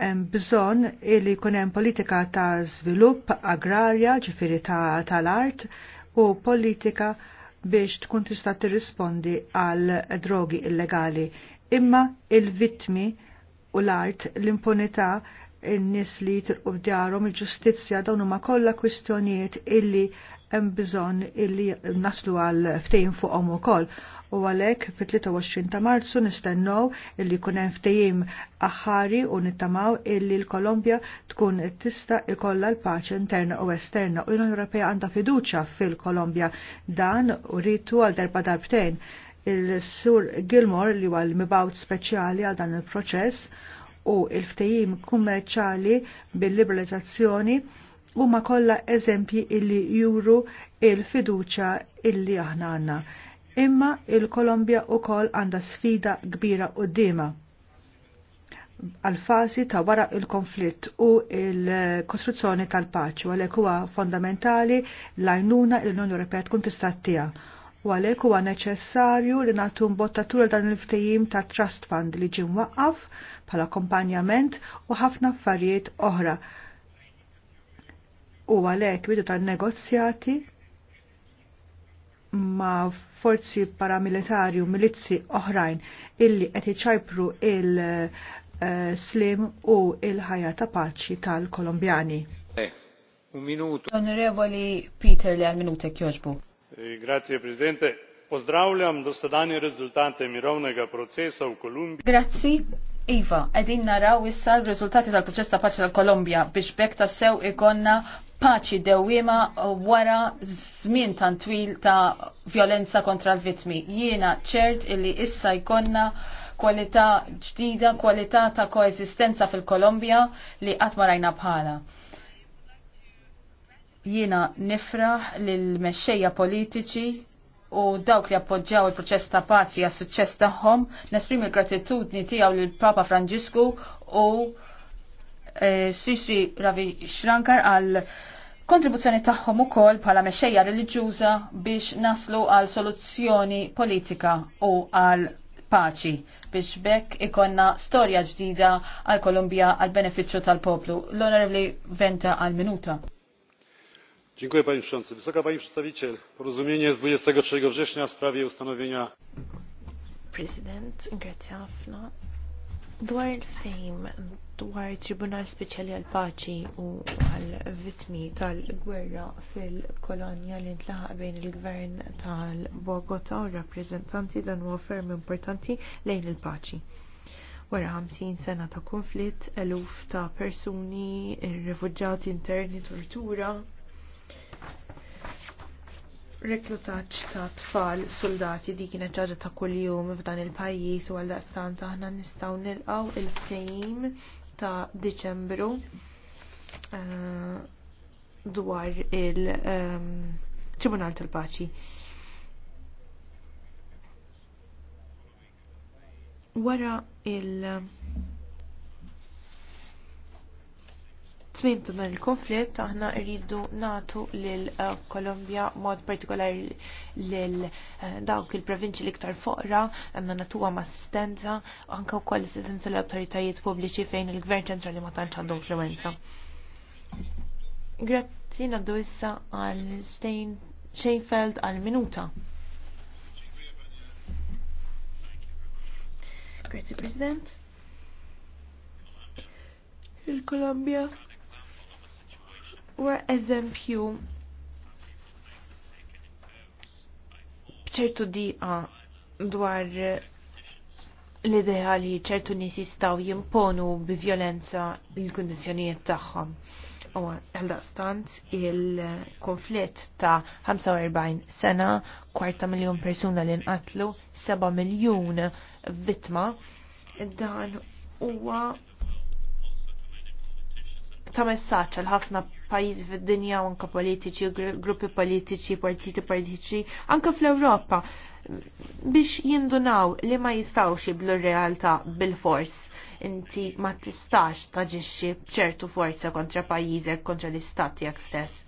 hemm bżonn li jkun hemm politika ta' żvilupp agrarja ġifieri tal-art u politika biex tkun tista' tirrispondi għal drogi illegali imma il-vittmi u l-art l-impunità in-nies li jitirqu djarhom il-ġustizzja dawn huma kollha kwistjonijiet illi hemm bżonn illi naslu għal ftehim fuqhom ukoll u għalek fit-23 ta' marzu nistennow illi kun hemm ftehim aħħari u nittamaw illi l-Kolombja tkun tista' jkollha l-paċi interna u esterna u l-Unjoni Ewropea għandha fiduċja fil-Kolombja dan u ritu għal darba darbtejn il-Sur Gilmore li huwa l-mibawt speċjali għal dan il-proċess u il-ftejim kummerċali bil-liberalizzazzjoni huma kollha eżempji illi juru il-fiduċa illi aħna għandna. Imma il-Kolombja kol għandha sfida kbira dima għal-fasi ta' wara il-konflitt u il-kostruzzjoni tal-paċu għalek huwa fondamentali l-għajnuna l-Unjoni Ewropea tkun tista' tiegħu u għalek huwa neċessarju li nagħtu mbottatura dan il-ftehim ta' trust fund li ġie mwaqqaf bħala akkompanjament u ħafna affarijiet oħra. U għalhekk bidu ta' negozjati ma' forzi paramilitari u milizzi oħrajn illi qed iċajpru il-slim eh, u il-ħajja ta' paċi tal-Kolombjani. Eh, un minutu. Onorevoli Peter li għal minutek joġbu. Eh, grazie Presidente. Pozdravljam dosedanje rezultate mirovnega procesa v Kolumbiji. Grazzi. Iva, edin naraw issa l-rizultati tal-proċess ta' paċi tal-Kolombja biex bekk sew ikonna paċi dewwiema wara żmien tan twil ta' violenza kontra l-vitmi. Jiena ċert illi issa ikonna kwalità ġdida, kwalità ta' koeżistenza fil-Kolombja li qatt ma rajna bħala. Jiena nifraħ lill-mexxejja politiċi u dawk li appoġġjaw il-proċess ta' paċi għas suċċess tagħhom, nesprimi l-gratitudni tiegħu lil Papa Franġisku u Sisri eh, Ravi Shrankar għal kontribuzzjoni tagħhom ukoll bħala mexxejja reliġjuża biex naslu għal soluzzjoni politika u għal paċi biex bekk ikonna storja ġdida għal Kolumbja għal benefiċċju tal-poplu. L-Onorevli Venta għal minuta panie przewodniczący! wysoka pani przedstawiciel! porozumienie z dwadzieścia trzy września w sprawie ustanowienia dwar il dwar tribunal speċjali għal paċi u għal vittmi tal-gwerra fil-kolonja li ntlaħaq bejn il-gvern tal-Bogota u rappreżentanti dan huwa ferm importanti lejn il-paċi. Wara 50 sena ta' konflitt, eluf ta' persuni, rifuġġati interni, tortura, reklutaċ ta' tfal soldati di kienet ċaġa ta' kuljum f'dan il-pajjiż u għal daqstan aħna nistgħu nilqgħu il-ftehim ta' Diċembru uh, dwar il-Tribunal ehm, um, tal-Paċi. Wara il- fit ta' dan il-konflitt aħna rridu natu lil eh, Kolombja mod partikolari lil eh, dawk il-provinċi l-iktar foqra għandna natuwa ma' assistenza anka wkoll assistenza l autoritajiet pubbliċi fejn il-gvern ċentrali ma tantx għandu influenza. Grazzi naddu issa għal Stein Sheinfeld għal minuta. Grazie President il-Kolombja Wara eżempju bċertu diqa dwar l-idea li ċertu nis jistaw jimponu bi-violenza l-kondizjonijiet tagħhom. U għal il-konflitt ta' 45 sena, kwarta miljon persuna li nqatlu, 7 miljon vittma, dan huwa ta' messaċ għal ħafna pajjiżi fid-dinja u anka politiċi, gruppi politiċi, partiti politiċi, anka fl-Ewropa biex jindunaw li ma jistawx jiblu realtà bil-fors. Inti ma tistax taġixxi ċertu forza kontra pajjiżek, kontra l-istat jak stess.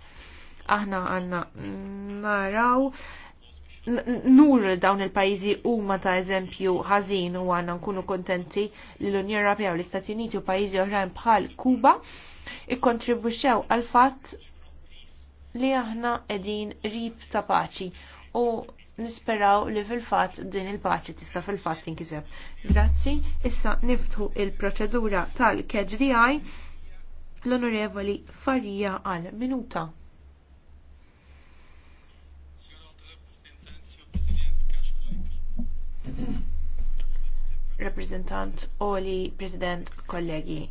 Aħna għanna naraw nur dawn il-pajizi huma ta' eżempju ħażin u għanna nkunu kontenti l-Unjoni Ewropea u l-Istati Uniti u pajjiżi oħrajn bħal Kuba ikkontribwixxew għal fatt li aħna qegħdin rib ta' paċi u nisperaw li fil-fatt din il-paċi tista' fil-fatt tinkiseb. Grazzi, issa niftħu il-proċedura tal-KGDI l-Onorevoli Farija għal minuta. Rappresentant Oli, President, kollegi,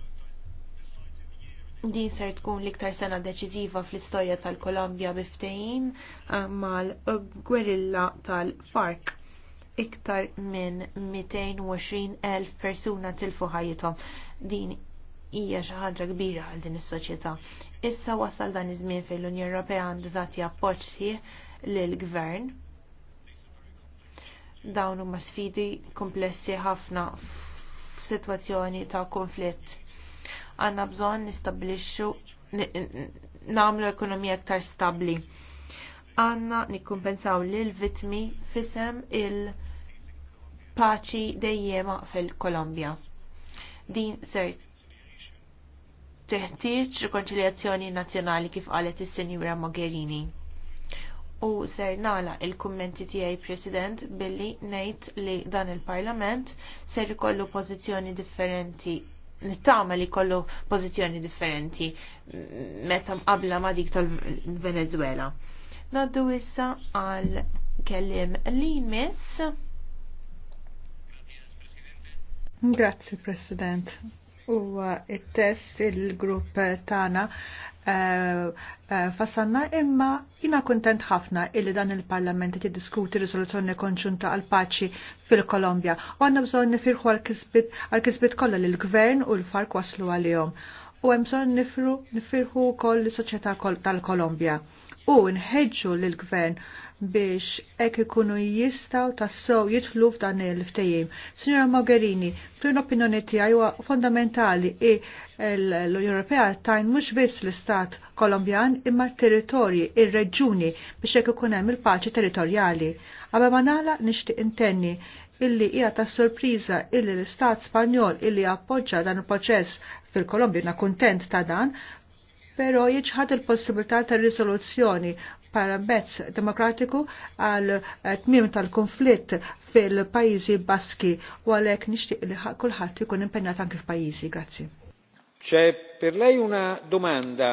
Din ser tkun l-iktar sena deċiżiva fl-istorja tal-Kolombja biftejim mal-gwerilla tal-Fark iktar minn 220.000 persuna tilfu ħajjithom. Din hija xi ħaġa kbira għal din is-soċjetà. Issa wasal dan iż-żmien fejn l-Unjoni Ewropea għandu tagħti appoġġ sħiħ lill-Gvern. Dawn huma sfidi komplessi ħafna f'sitwazzjoni ta' konflitt għanna bżon nistablixxu namlu ekonomija aktar stabli. Għanna nikkumpensaw lil vitmi fisem il-paċi dejjema fil-Kolombja. Din ser teħtieġ rikonċiljazzjoni nazzjonali kif qalet is-Sinjura Mogherini. U ser nala il-kummenti tiegħi President billi ngħid li dan il-Parlament ser ikollu pożizzjoni differenti nittama li kollu pozizjoni differenti meta qabla ma dik tal-Venezuela. Naddu issa għal kellim li mis. Grazzi President. Huwa it-test il-grupp tana. Eh, eh, fasanna imma jina kontent ħafna illi dan il-parlament qed diskuti risoluzzjoni konċunta għal paċi fil-Kolombja u għandna bżonn nifirħu għal-kisbit kollha l-gvern u l-fark waslu għalihom. U hemm bżonn nifirħu wkoll l-soċjetà tal-Kolombja u nħeġġu lill-gvern biex ek ikunu jistaw tassew jitlu f'dan il-ftejim. Signora Mogherini, fl opinjoni tiegħi huwa fondamentali i l-Unjoni Ewropea tajn mhux biss l-Istat Kolombjan imma territorji, ir-reġuni biex hekk ikun hemm il-paċi territorjali. Qabel ma nagħlaq nixtieq intenni illi hija ta' sorpriża illi l-Istat Spanjol illi appoġġa dan il-proċess fil-Kolombja na kuntent ta' dan, pero jieġħad il-possibilità ta' risoluzzjoni paramezz demokratiku għal eh, tmim tal-konflitt fil-pajizi baski u għalek nishtiq li kullħat ikun impenjat anke f'pajjiżi. Grazzi. C'è per lei una domanda.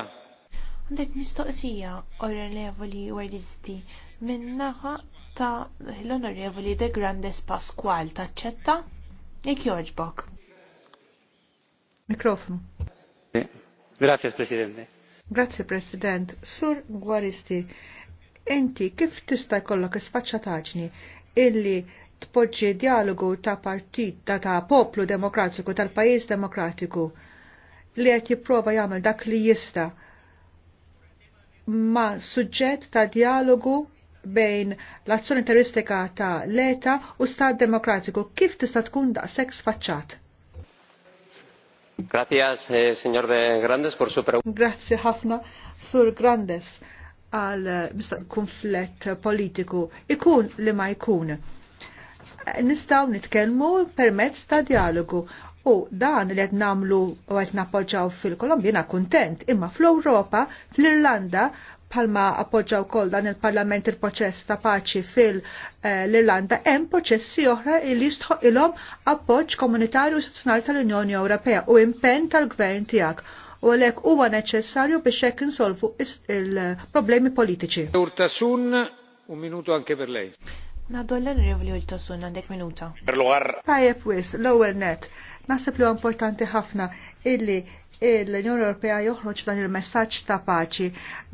Għandek mistoqsija rilevoli u għalizdi minnaħa ta' l-onorevoli De Grandes Pasqual taċċetta? Jek joġbok. Mikrofon. Grazie, Presidente Grazzi President, Sur Gwaristi, inti kif tista' jkollok taġni illi tpoġġi dialogu ta' partit ta' ta' poplu demokratiku tal-pajjiż demokratiku li qed jipprova jagħmel dak li jista' ma' suġġett ta' dialogu bejn l-azzjoni terroristika ta' l-ETA u stat demokratiku kif tista' tkun daqshekk sfaċċat? Grazie eh, Signor de Grandes, por su Grazie ħafna, sur Grandes, għal eh, konflett politiku. Ikun li ma jkun. Nistaw nitkelmu permezz ta' dialogu. U dan li qed nagħmlu u qed nappoġġaw fil kolombina kontent, kuntent, imma fl-Ewropa, fl-Irlanda, palma appoġġaw kol dan il-Parlament il-proċess ta' paċi fil-Irlanda, eh, hemm proċessi oħra li jistħoq ilhom appoġġ komunitarju istituzzjonali tal-Unjoni Ewropea u impenn tal-Gvern tiegħek u għalek huwa neċessarju biex hekk insolvu il-problemi politiċi. Urtasun, un minuto anke per lei. Naddu l-enrivli Urtasun, għandek minuta. Per l-għar. Pajep wis, l għar net. Nasib li importanti ħafna illi l-Unjoni Ewropea joħroġ dan il-messaġġ ta' paċi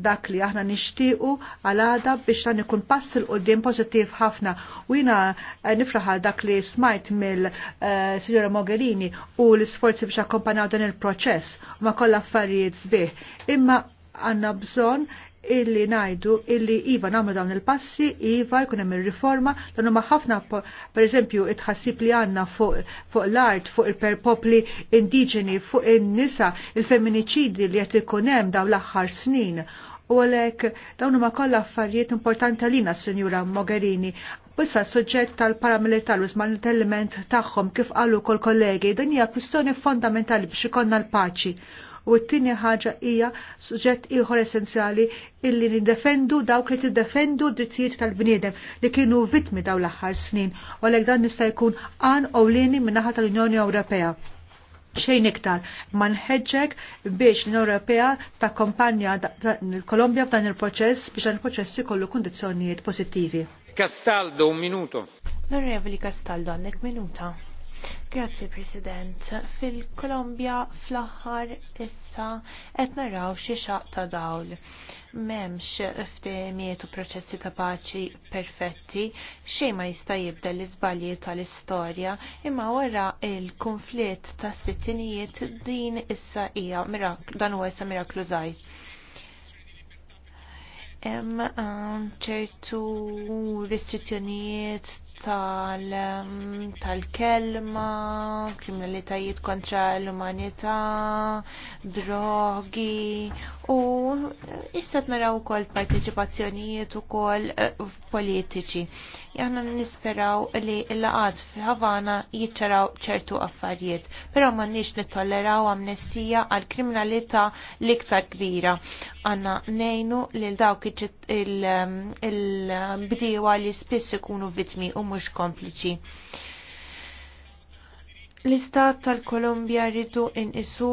dak li aħna nixtiequ għal għada biex dan ikun pass il qudiem pożittiv ħafna u jiena eh, nifraħal dak li smajt mill-Sinjora eh, Mogherini u l-isforzi biex akkompanjaw dan il-proċess ma kollha affarijiet sbieħ. Imma għandna bżonn illi najdu illi iva namlu dawn il-passi, iva jkun hemm ir-riforma, dan huma ħafna pereżempju eżempju itħassib li għandna fuq l-art, fuq il-popli indiġeni, fuq in-nisa, il-femminiciidi li qed ikun hemm dawn l-aħħar snin. U għalek, dawn huma kollha affarijiet importanti għalina, Sinjura Mogherini. Bissa s-suġġett tal-paramilitar u l-element tagħhom kif qalu kol kollegi, din hija kwistjoni fondamentali biex ikonna l-paċi U t-tini ħaġa hija suġġett ieħor essenzjali illi nindefendu dawk li tiddefendu drittijiet tal-bniedem li kienu vittmi daw l-aħħar snin u għalhekk dan nista' jkun għan ewlieni min-naħa tal-Unjoni Ewropea xejn iktar ma nħeġġek biex l-Unjoni Ewropea ta' kompanja l-Kolombja f'dan il-proċess biex dan il-proċess ikollu kundizzjonijiet pożittivi. Castaldo, un minuto. L-Onorevoli Castaldo, għandek minuta. Grazzi President. Fil-Kolombja fl-aħħar issa qed naraw xi xaq ta' dawl. M'hemmx ftehmiet u proċessi ta' paċi perfetti, xejn ma jista' jibda l-iżbalji tal-istorja, imma wara il-konflitt tas-sittinijiet din issa hija dan huwa issa miraklu żgħir hemm ehm, ċertu restrizzjonijiet tal-kelma, kriminalitajiet kontra l-umanità, drogi u issa naraw ukoll partiċipazzjonijiet ukoll eh, politiċi. Jana nisperaw li l-laqat f'Havana jiċċaraw ċertu affarijiet, però m'għandniex nittolleraw amnestija għal kriminalità l-iktar kbira. Għanna nejnu lil dawk il-bdiewa li spiss ikunu vitmi u mhux kompliċi. L-Istat tal-Kolumbja rridu inqisu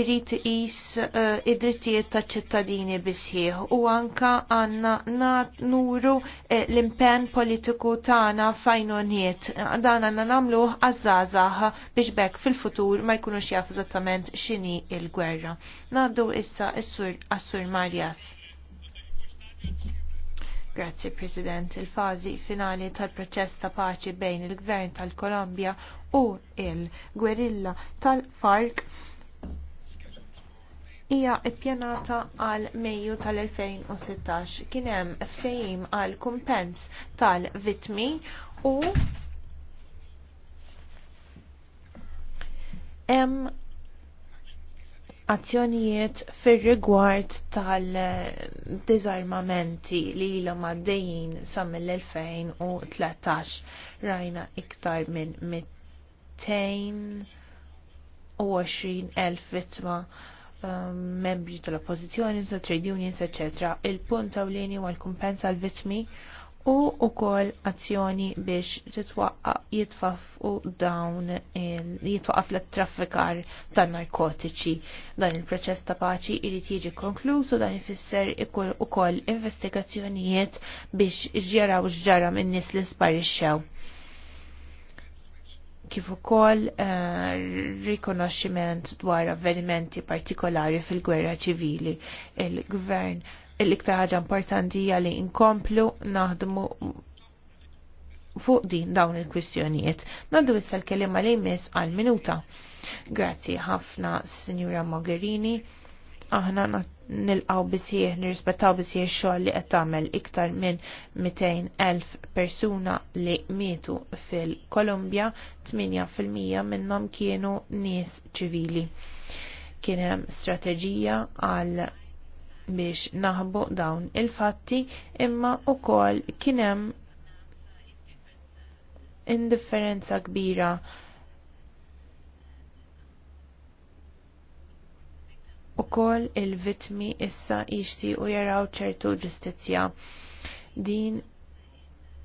irrid iqis eh, id-drittijiet taċ-ċittadini bisħieħ u anka għandna nuru eh, l-impenn politiku tagħna fajnoniet. Dan għandna nagħmluh għażażagħ biex bekk fil-futur ma jkunux jaf eżattament x'inhi l-gwerra. Ngħaddu issa s-sur Marjas. Grazzi President, il-fazi finali tal-proċess ta' paċi bejn il-Gvern tal-Kolombja u il-gwerilla tal-FARC hija ppjanata għal Mejju tal-2016. Kien hemm ftehim għal kumpens tal-vitmi u hemm azzjonijiet fir-rigward tal-dizarmamenti li ilhom għaddejjin sa mill-2013 rajna iktar minn 220,000 vittma um, membri tal-oppozizjoni, tal-trade unions, eccetera. Il-punt ewlieni huwa l-kumpensa l-vittmi u wkoll azzjoni biex jitfaf u dawn jitwaqaf l traffikar tan narkotiċi. Dan il-proċess ta' paċi irid jiġi konkluż u dan ifisser ukoll investigazzjonijiet biex ġjaraw x'ġara minn nies li sparixxew kif ukoll uh, rikonoxximent dwar avvenimenti partikolari fil-gwerra ċivili. Il-gvern l-iktar ħaġa importanti hija li nkomplu naħdmu fuq din dawn il-kwistjonijiet. Naddu issa l-kelima li jmiss għal minuta. Grazzi ħafna Signora Mogherini. Aħna nilqaw bisieħ, nirrispettaw bisieħ xogħol li qed tagħmel iktar minn 200,000 persuna li mietu fil kolumbja 8% minnhom kienu nies ċivili. Kien hemm strateġija għal biex naħbu dawn il-fatti imma u kol kienem indifferenza kbira u kol il-vitmi issa ixti u jaraw ċertu ġustizja. Din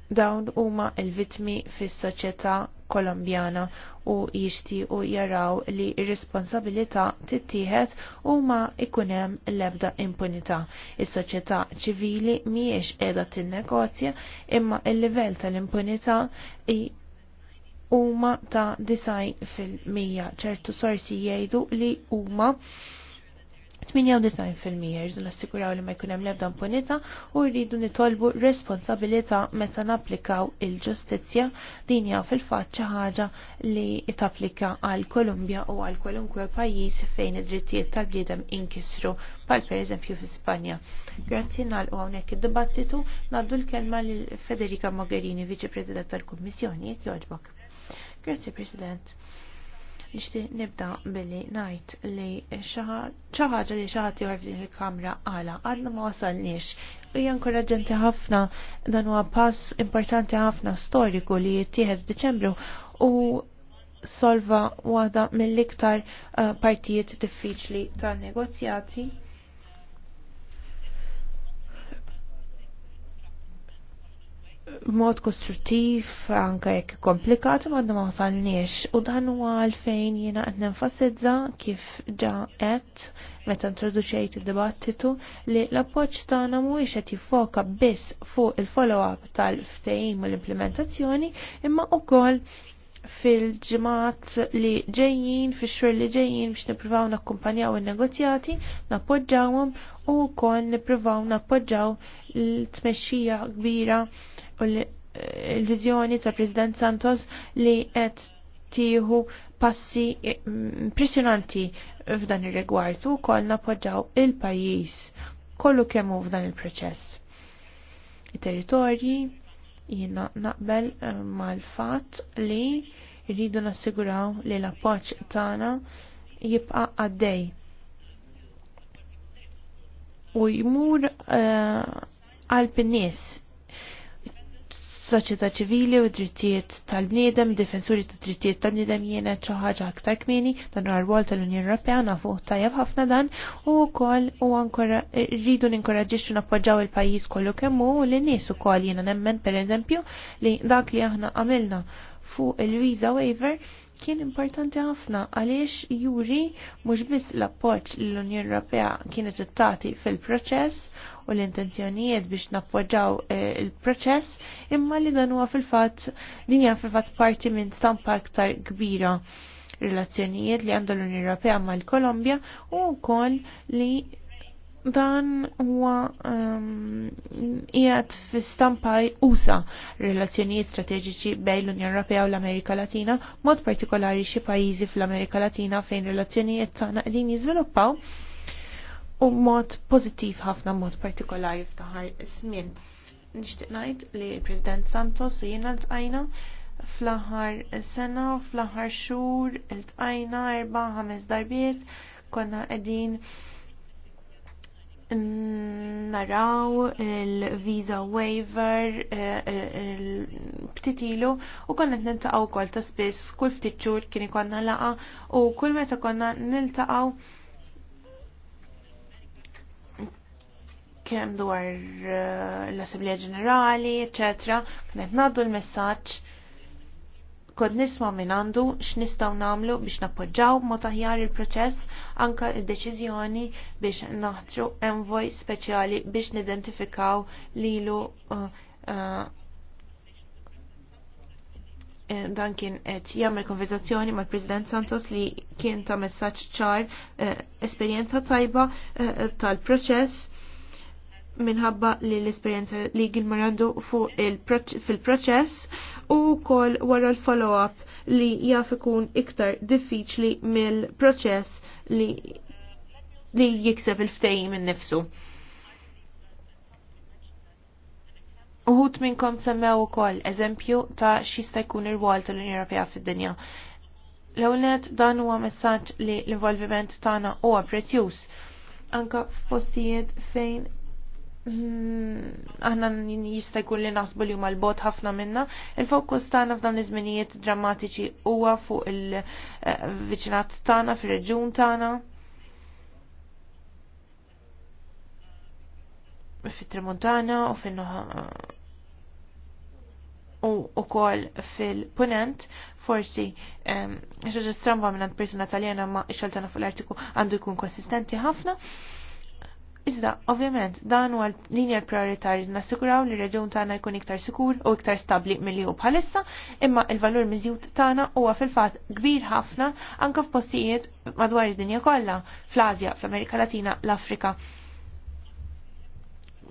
dawn huma il-vitmi fis-soċjetà Kolombjana u jixtiequ jaraw li r-responsabilità tittieħed u ma ikunem hemm l-ebda impunità. Is-soċjetà ċivili mhijiex qiegħda tinnegozja imma il livell tal-impunità huma ta' 90 fil-mija. ċertu sorsi jgħidu li huma 98% rridu nassiguraw li ma jkun hemm l-ebda impunità u rridu nitolbu responsabilità meta napplikaw il-ġustizzja din hija fil-fatt xi ħaġa li tapplika għal Kolumbja u għal kwalunkwe pajjiż fejn id-drittijiet tal-bliedem inkisru bħal pereżempju fi Spanja. Grazzi nagħlqu hawnhekk id-dibattitu ngħaddu l-kelma lil Federica Mogherini, Viċi President tal-Kummissjoni, jekk jogħġbok. Grazzi President. Nixtieq nibda billi ngħid li xaħġa ħaġa li xi ħadd jorf din il-kamra għala għadna ma wasalniex. Hija inkoraġġenti ħafna dan huwa pass importanti ħafna storiku li jittieħed f'Diċembru u solva waħda mill-iktar eh, partijiet diffiċli tan-negozjati mod kostruttiv anka jekk komplikat għadna ma wasalniex u dan huwa għalfejn jiena qed nenfasizza kif ġa qed meta introduċejt id-dibattitu li l-appoġġ tagħna mhuwiex qed jiffoka biss fuq il-follow-up tal ftejim u l-implementazzjoni imma wkoll fil ġemat li ġejjin, fil-xur li ġejjin biex niprivaw nakkumpanjaw il-negozjati, nappoġġawhom u kol niprivaw nappoġġaw l-tmexxija kbira u eh, l-vizjoni ta' President Santos li qed tieħu passi eh, impressjonanti f'dan ir-rigward u wkoll napoġġaw il-pajjiż kollu kemm hu f'dan il-proċess. it territorji jiena naqbel eh, mal-fatt li rridu nassiguraw li l-appoġġ tagħna jibqa' għaddej u jmur għal-pinnis uh, nies soċjetà ċivili u drittijiet tal-bniedem, difensuri ta' drittijiet tal-bniedem jiena xi ħaġa aktar kmieni dan rwol tal-Unjoni Ewropea nafu tajjeb ħafna dan u wkoll u rridu ninkoraġġixxu nappoġġaw il-pajjiż kollu kemm hu u li nies ukoll jiena nemmen pereżempju li dak li aħna għamilna fuq il-visa waiver kien importanti ħafna għaliex juri mhux biss l-appoġġ li l-Unjoni Ewropea kienet tagħti fil-proċess u l-intenzjonijiet biex nappoġġaw eh, il-proċess imma li dan huwa fil-fatt din hija fil-fatt parti minn stampa aktar kbira relazzjonijiet li għandu l-Unjoni Ewropea mal-Kolombja u wkoll li dan huwa ehm, qiegħed um, fi stampa USA relazzjonijiet strateġiċi bejn l-Unjoni Ewropea u l-Amerika Latina, mod partikolari xi pajjiżi fl-Amerika Latina fejn relazzjonijiet tagħna qegħdin jiżviluppaw u mod pożittiv ħafna mod partikolari f'daħar żmien. Nixtieq ngħid li President Santos u jiena ltqajna fl-aħħar sena, u fl-aħħar xhur, ltqajna erba' ħames darbiet, konna qegħdin naraw il-visa waiver eh, eh, il-ptitilu u konna nintaqaw kol ta' spiss kull ftit ġur kien ikonna laqa u kull meta konna niltaqaw kemm dwar eh, l-Assemblea Ġenerali, eccetera, kien qed l-messaġġ kod nisma minn għandu x'nistgħu nagħmlu biex nappoġġaw mod aħjar il-proċess anka d-deċiżjoni biex naħtru envoj speċjali biex nidentifikaw lilu uh, uh, eh, dan kien qed jagħmel konverzazzjoni mal-President Santos li kien ta' messaġġ ċar eh, esperjenza tajba eh, tal-proċess minħabba li l-esperienza li Gilmar għandu fil-proċess u kol wara l-follow-up li jaf ikun iktar diffiċli mill-proċess li li jikseb il-ftejim minn nifsu. Uħut minnkom semmew ukoll eżempju ta' xista jkun ir-wol tal-Unjoni Ewropea fid-dinja. L-ewnet dan huwa messaġġ li l-involviment tagħna huwa prezzjuż anka f'postijiet fejn Mm, aħna jista' jkun li naħsbu li huma l-bot ħafna minna, il-fokus tagħna f'dawn iż-żminijiet drammatiċi huwa fuq il-viċinat eh, tagħna fir-reġjun tagħna. fit tremontana u fin u ukoll fil-punent forsi eh, xaġa stramba minnant persuna taljana ma xaltana fil-artiku għandu jkun konsistenti ħafna. Iżda, ovvjament, dan huwa linja prioritarji nassikuraw li reġun tagħna jkun iktar sikur u iktar stabbli milli hu bħalissa, imma il-valur miżjud tagħna huwa fil-fatt kbir ħafna anke f'postijiet madwar id-dinja kollha, fl-Asja, fl-Amerika Latina, l-Afrika.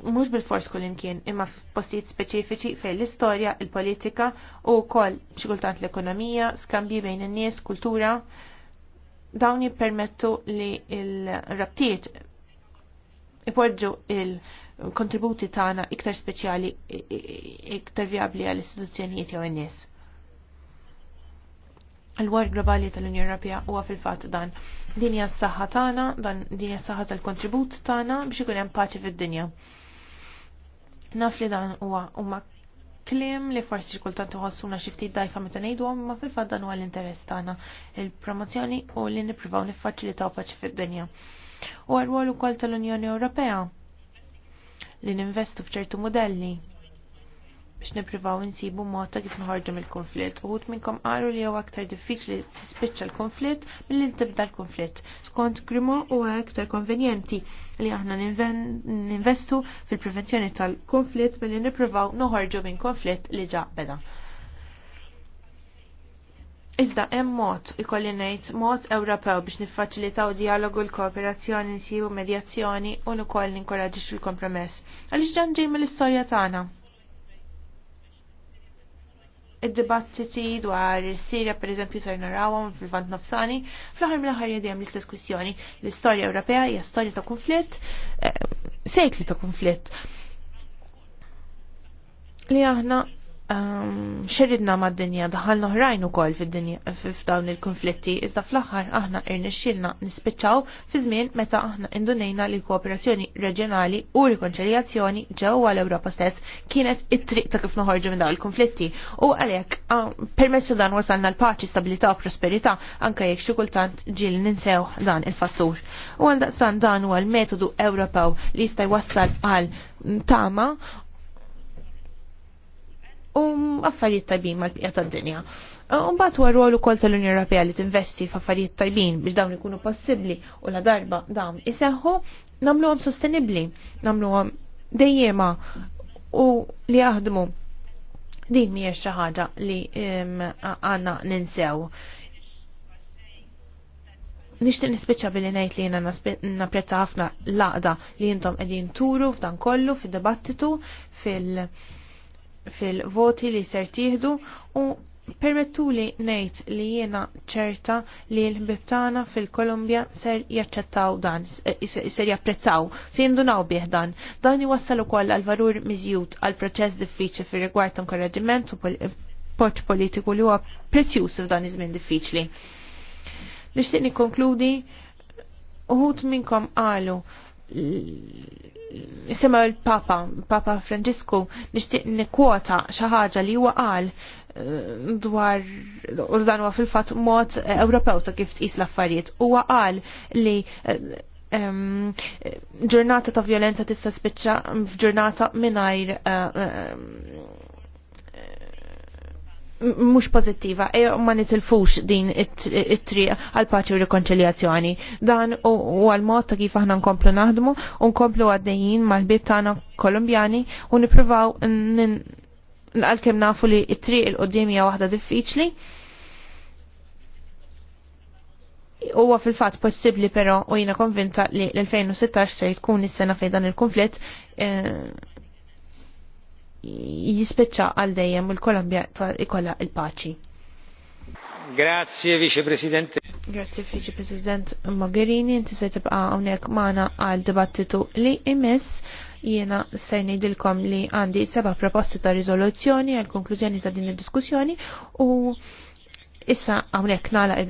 Mhux bil-fors kullimkien, imma f'postijiet speċifiċi fejn l-istorja, il-politika u wkoll xi kultant l-ekonomija, skambji bejn in-nies, kultura, dawn jippermettu li l-rabtiet iporġu il-kontributi tagħna iktar speċjali iktar viabli għall istituzzjonijiet jew in-nies. Il-war globali tal-Unjoni Ewropea huwa fil-fatt dan. Din hija s-saħħa tagħna, dan din s-saħħa tal-kontribut tagħna biex ikun hemm paċi fid-dinja. Naf li dan huwa huma kliem li forsi xikultant uħassuna xifti dajfa meta għom ma fil faddan dan huwa l-interess tagħna il-promozzjoni u li nippruvaw niffaċilitaw paċi fid-dinja. U għal ukoll tal-Unjoni Ewropea li ninvestu f'ċertu modelli biex niprivaw insibu mota kif nħarġu mill-konflitt. Uħut minnkom qalu li huwa aktar diffiċli tispiċċa l-konflitt milli tibda l-konflitt. Skont Grimo huwa aktar konvenjenti li aħna ninvestu fil-prevenzjoni tal-konflitt milli niprivaw noħorġu minn konflitt li ġa beda. Iżda hemm mod ikolli ngħid mod Ewropew biex niffaċilitaw dialogu l-kooperazzjoni nsibu medjazzjoni u nkoll ninkoraġġix il-kompromess. Għaliex ġan ġej mill-istorja tagħna id-dibattiti dwar Sirja per eżempju sar narawhom fil-vant nofsani, fl-aħħar mill-aħħar jedem l-istess kwistjoni. L-istorja Ewropea hija storja ta' konflitt, eh, sekli ta' konflitt. Li aħna Ehm, xeridna ma' dinja daħal noħrajn u koll f'dawn il-konflitti, iżda fl-axar aħna irnexxilna nispiċċaw fi żmien meta aħna indunejna li kooperazzjoni reġjonali u rikonċiljazzjoni ġewwa l-Ewropa stess kienet it-triq ta' kif noħorġu minn dawn il-konflitti. U għalhekk ehm, permezz dan wasalna l-paċi, stabilità u prosperità anke jekk xi kultant ġil ninsew dan il-fattur. U għal daqsan dan huwa l-metodu Ewropew li jista' jwassal għal tama u affarijiet tajbin mal-bqija tad-dinja. U mbagħad huwa rwol ukoll tal-Unjoni Ewropea li tinvesti f'affarijiet tajbin biex dawn ikunu possibbli u la darba dawn iseħħu nagħmluhom sostenibbli, nagħmluhom dejjema u li jaħdmu. Din mhijiex xi ħaġa li għandna ninsew nishtiq nispiċċa billi ngħid li jiena napprezza ħafna laqda li intom qegħdin turu f'dan kollu fid-dibattitu fil- fil-voti li ser tieħdu u permettuli ngħid li jiena ċerta li l-bibtana fil-Kolumbja ser jaċċettaw dan, ser japprezzaw, se jindunaw bih dan. Dan jwassal ukoll għal valur miżjud għal proċess diffiċli fir-rigward inkoraġġiment u poċ politiku li huwa prezzjuż f'dan iż-żmien diffiċli. Nixtieq nikkonkludi uħut minnkom qalu jisema l-Papa, Papa Franġisku, nishtiq nikwota xaħġa li huwa qal eh, dwar u dan huwa fil-fatt mod Ewropew ta' kif tqis l-affarijiet. Huwa qal li eh, ġurnata ta' violenza tista' spiċċa f'ġurnata mingħajr eh, mhux pożittiva e ma nitilfux din it-triq għal paċi u rikonċiljazzjoni. Dan u għal mod ta' kif aħna nkomplu naħdmu u nkomplu għaddejjin mal-bib tagħna Kolumbjani u nippruvaw għal-kem nafu li it-triq il-qoddim hija waħda diffiċli. Huwa fil-fatt possibbli però u jiena konvinta li l-2016 se tkun is-sena fejn dan il-konflitt eh, jispiċċa għal dejjem il-Kolombja ikolla il-paċi. Grazie Vice President. Grazie Vice President Mogherini, inti se tibqa' hawnhekk magħna għal dibattitu li jmiss. jiena se ngħidilkom li għandi seba' proposti ta' riżoluzzjoni għal konklużjoni ta' din id-diskussjoni u issa hawnhekk nagħlaq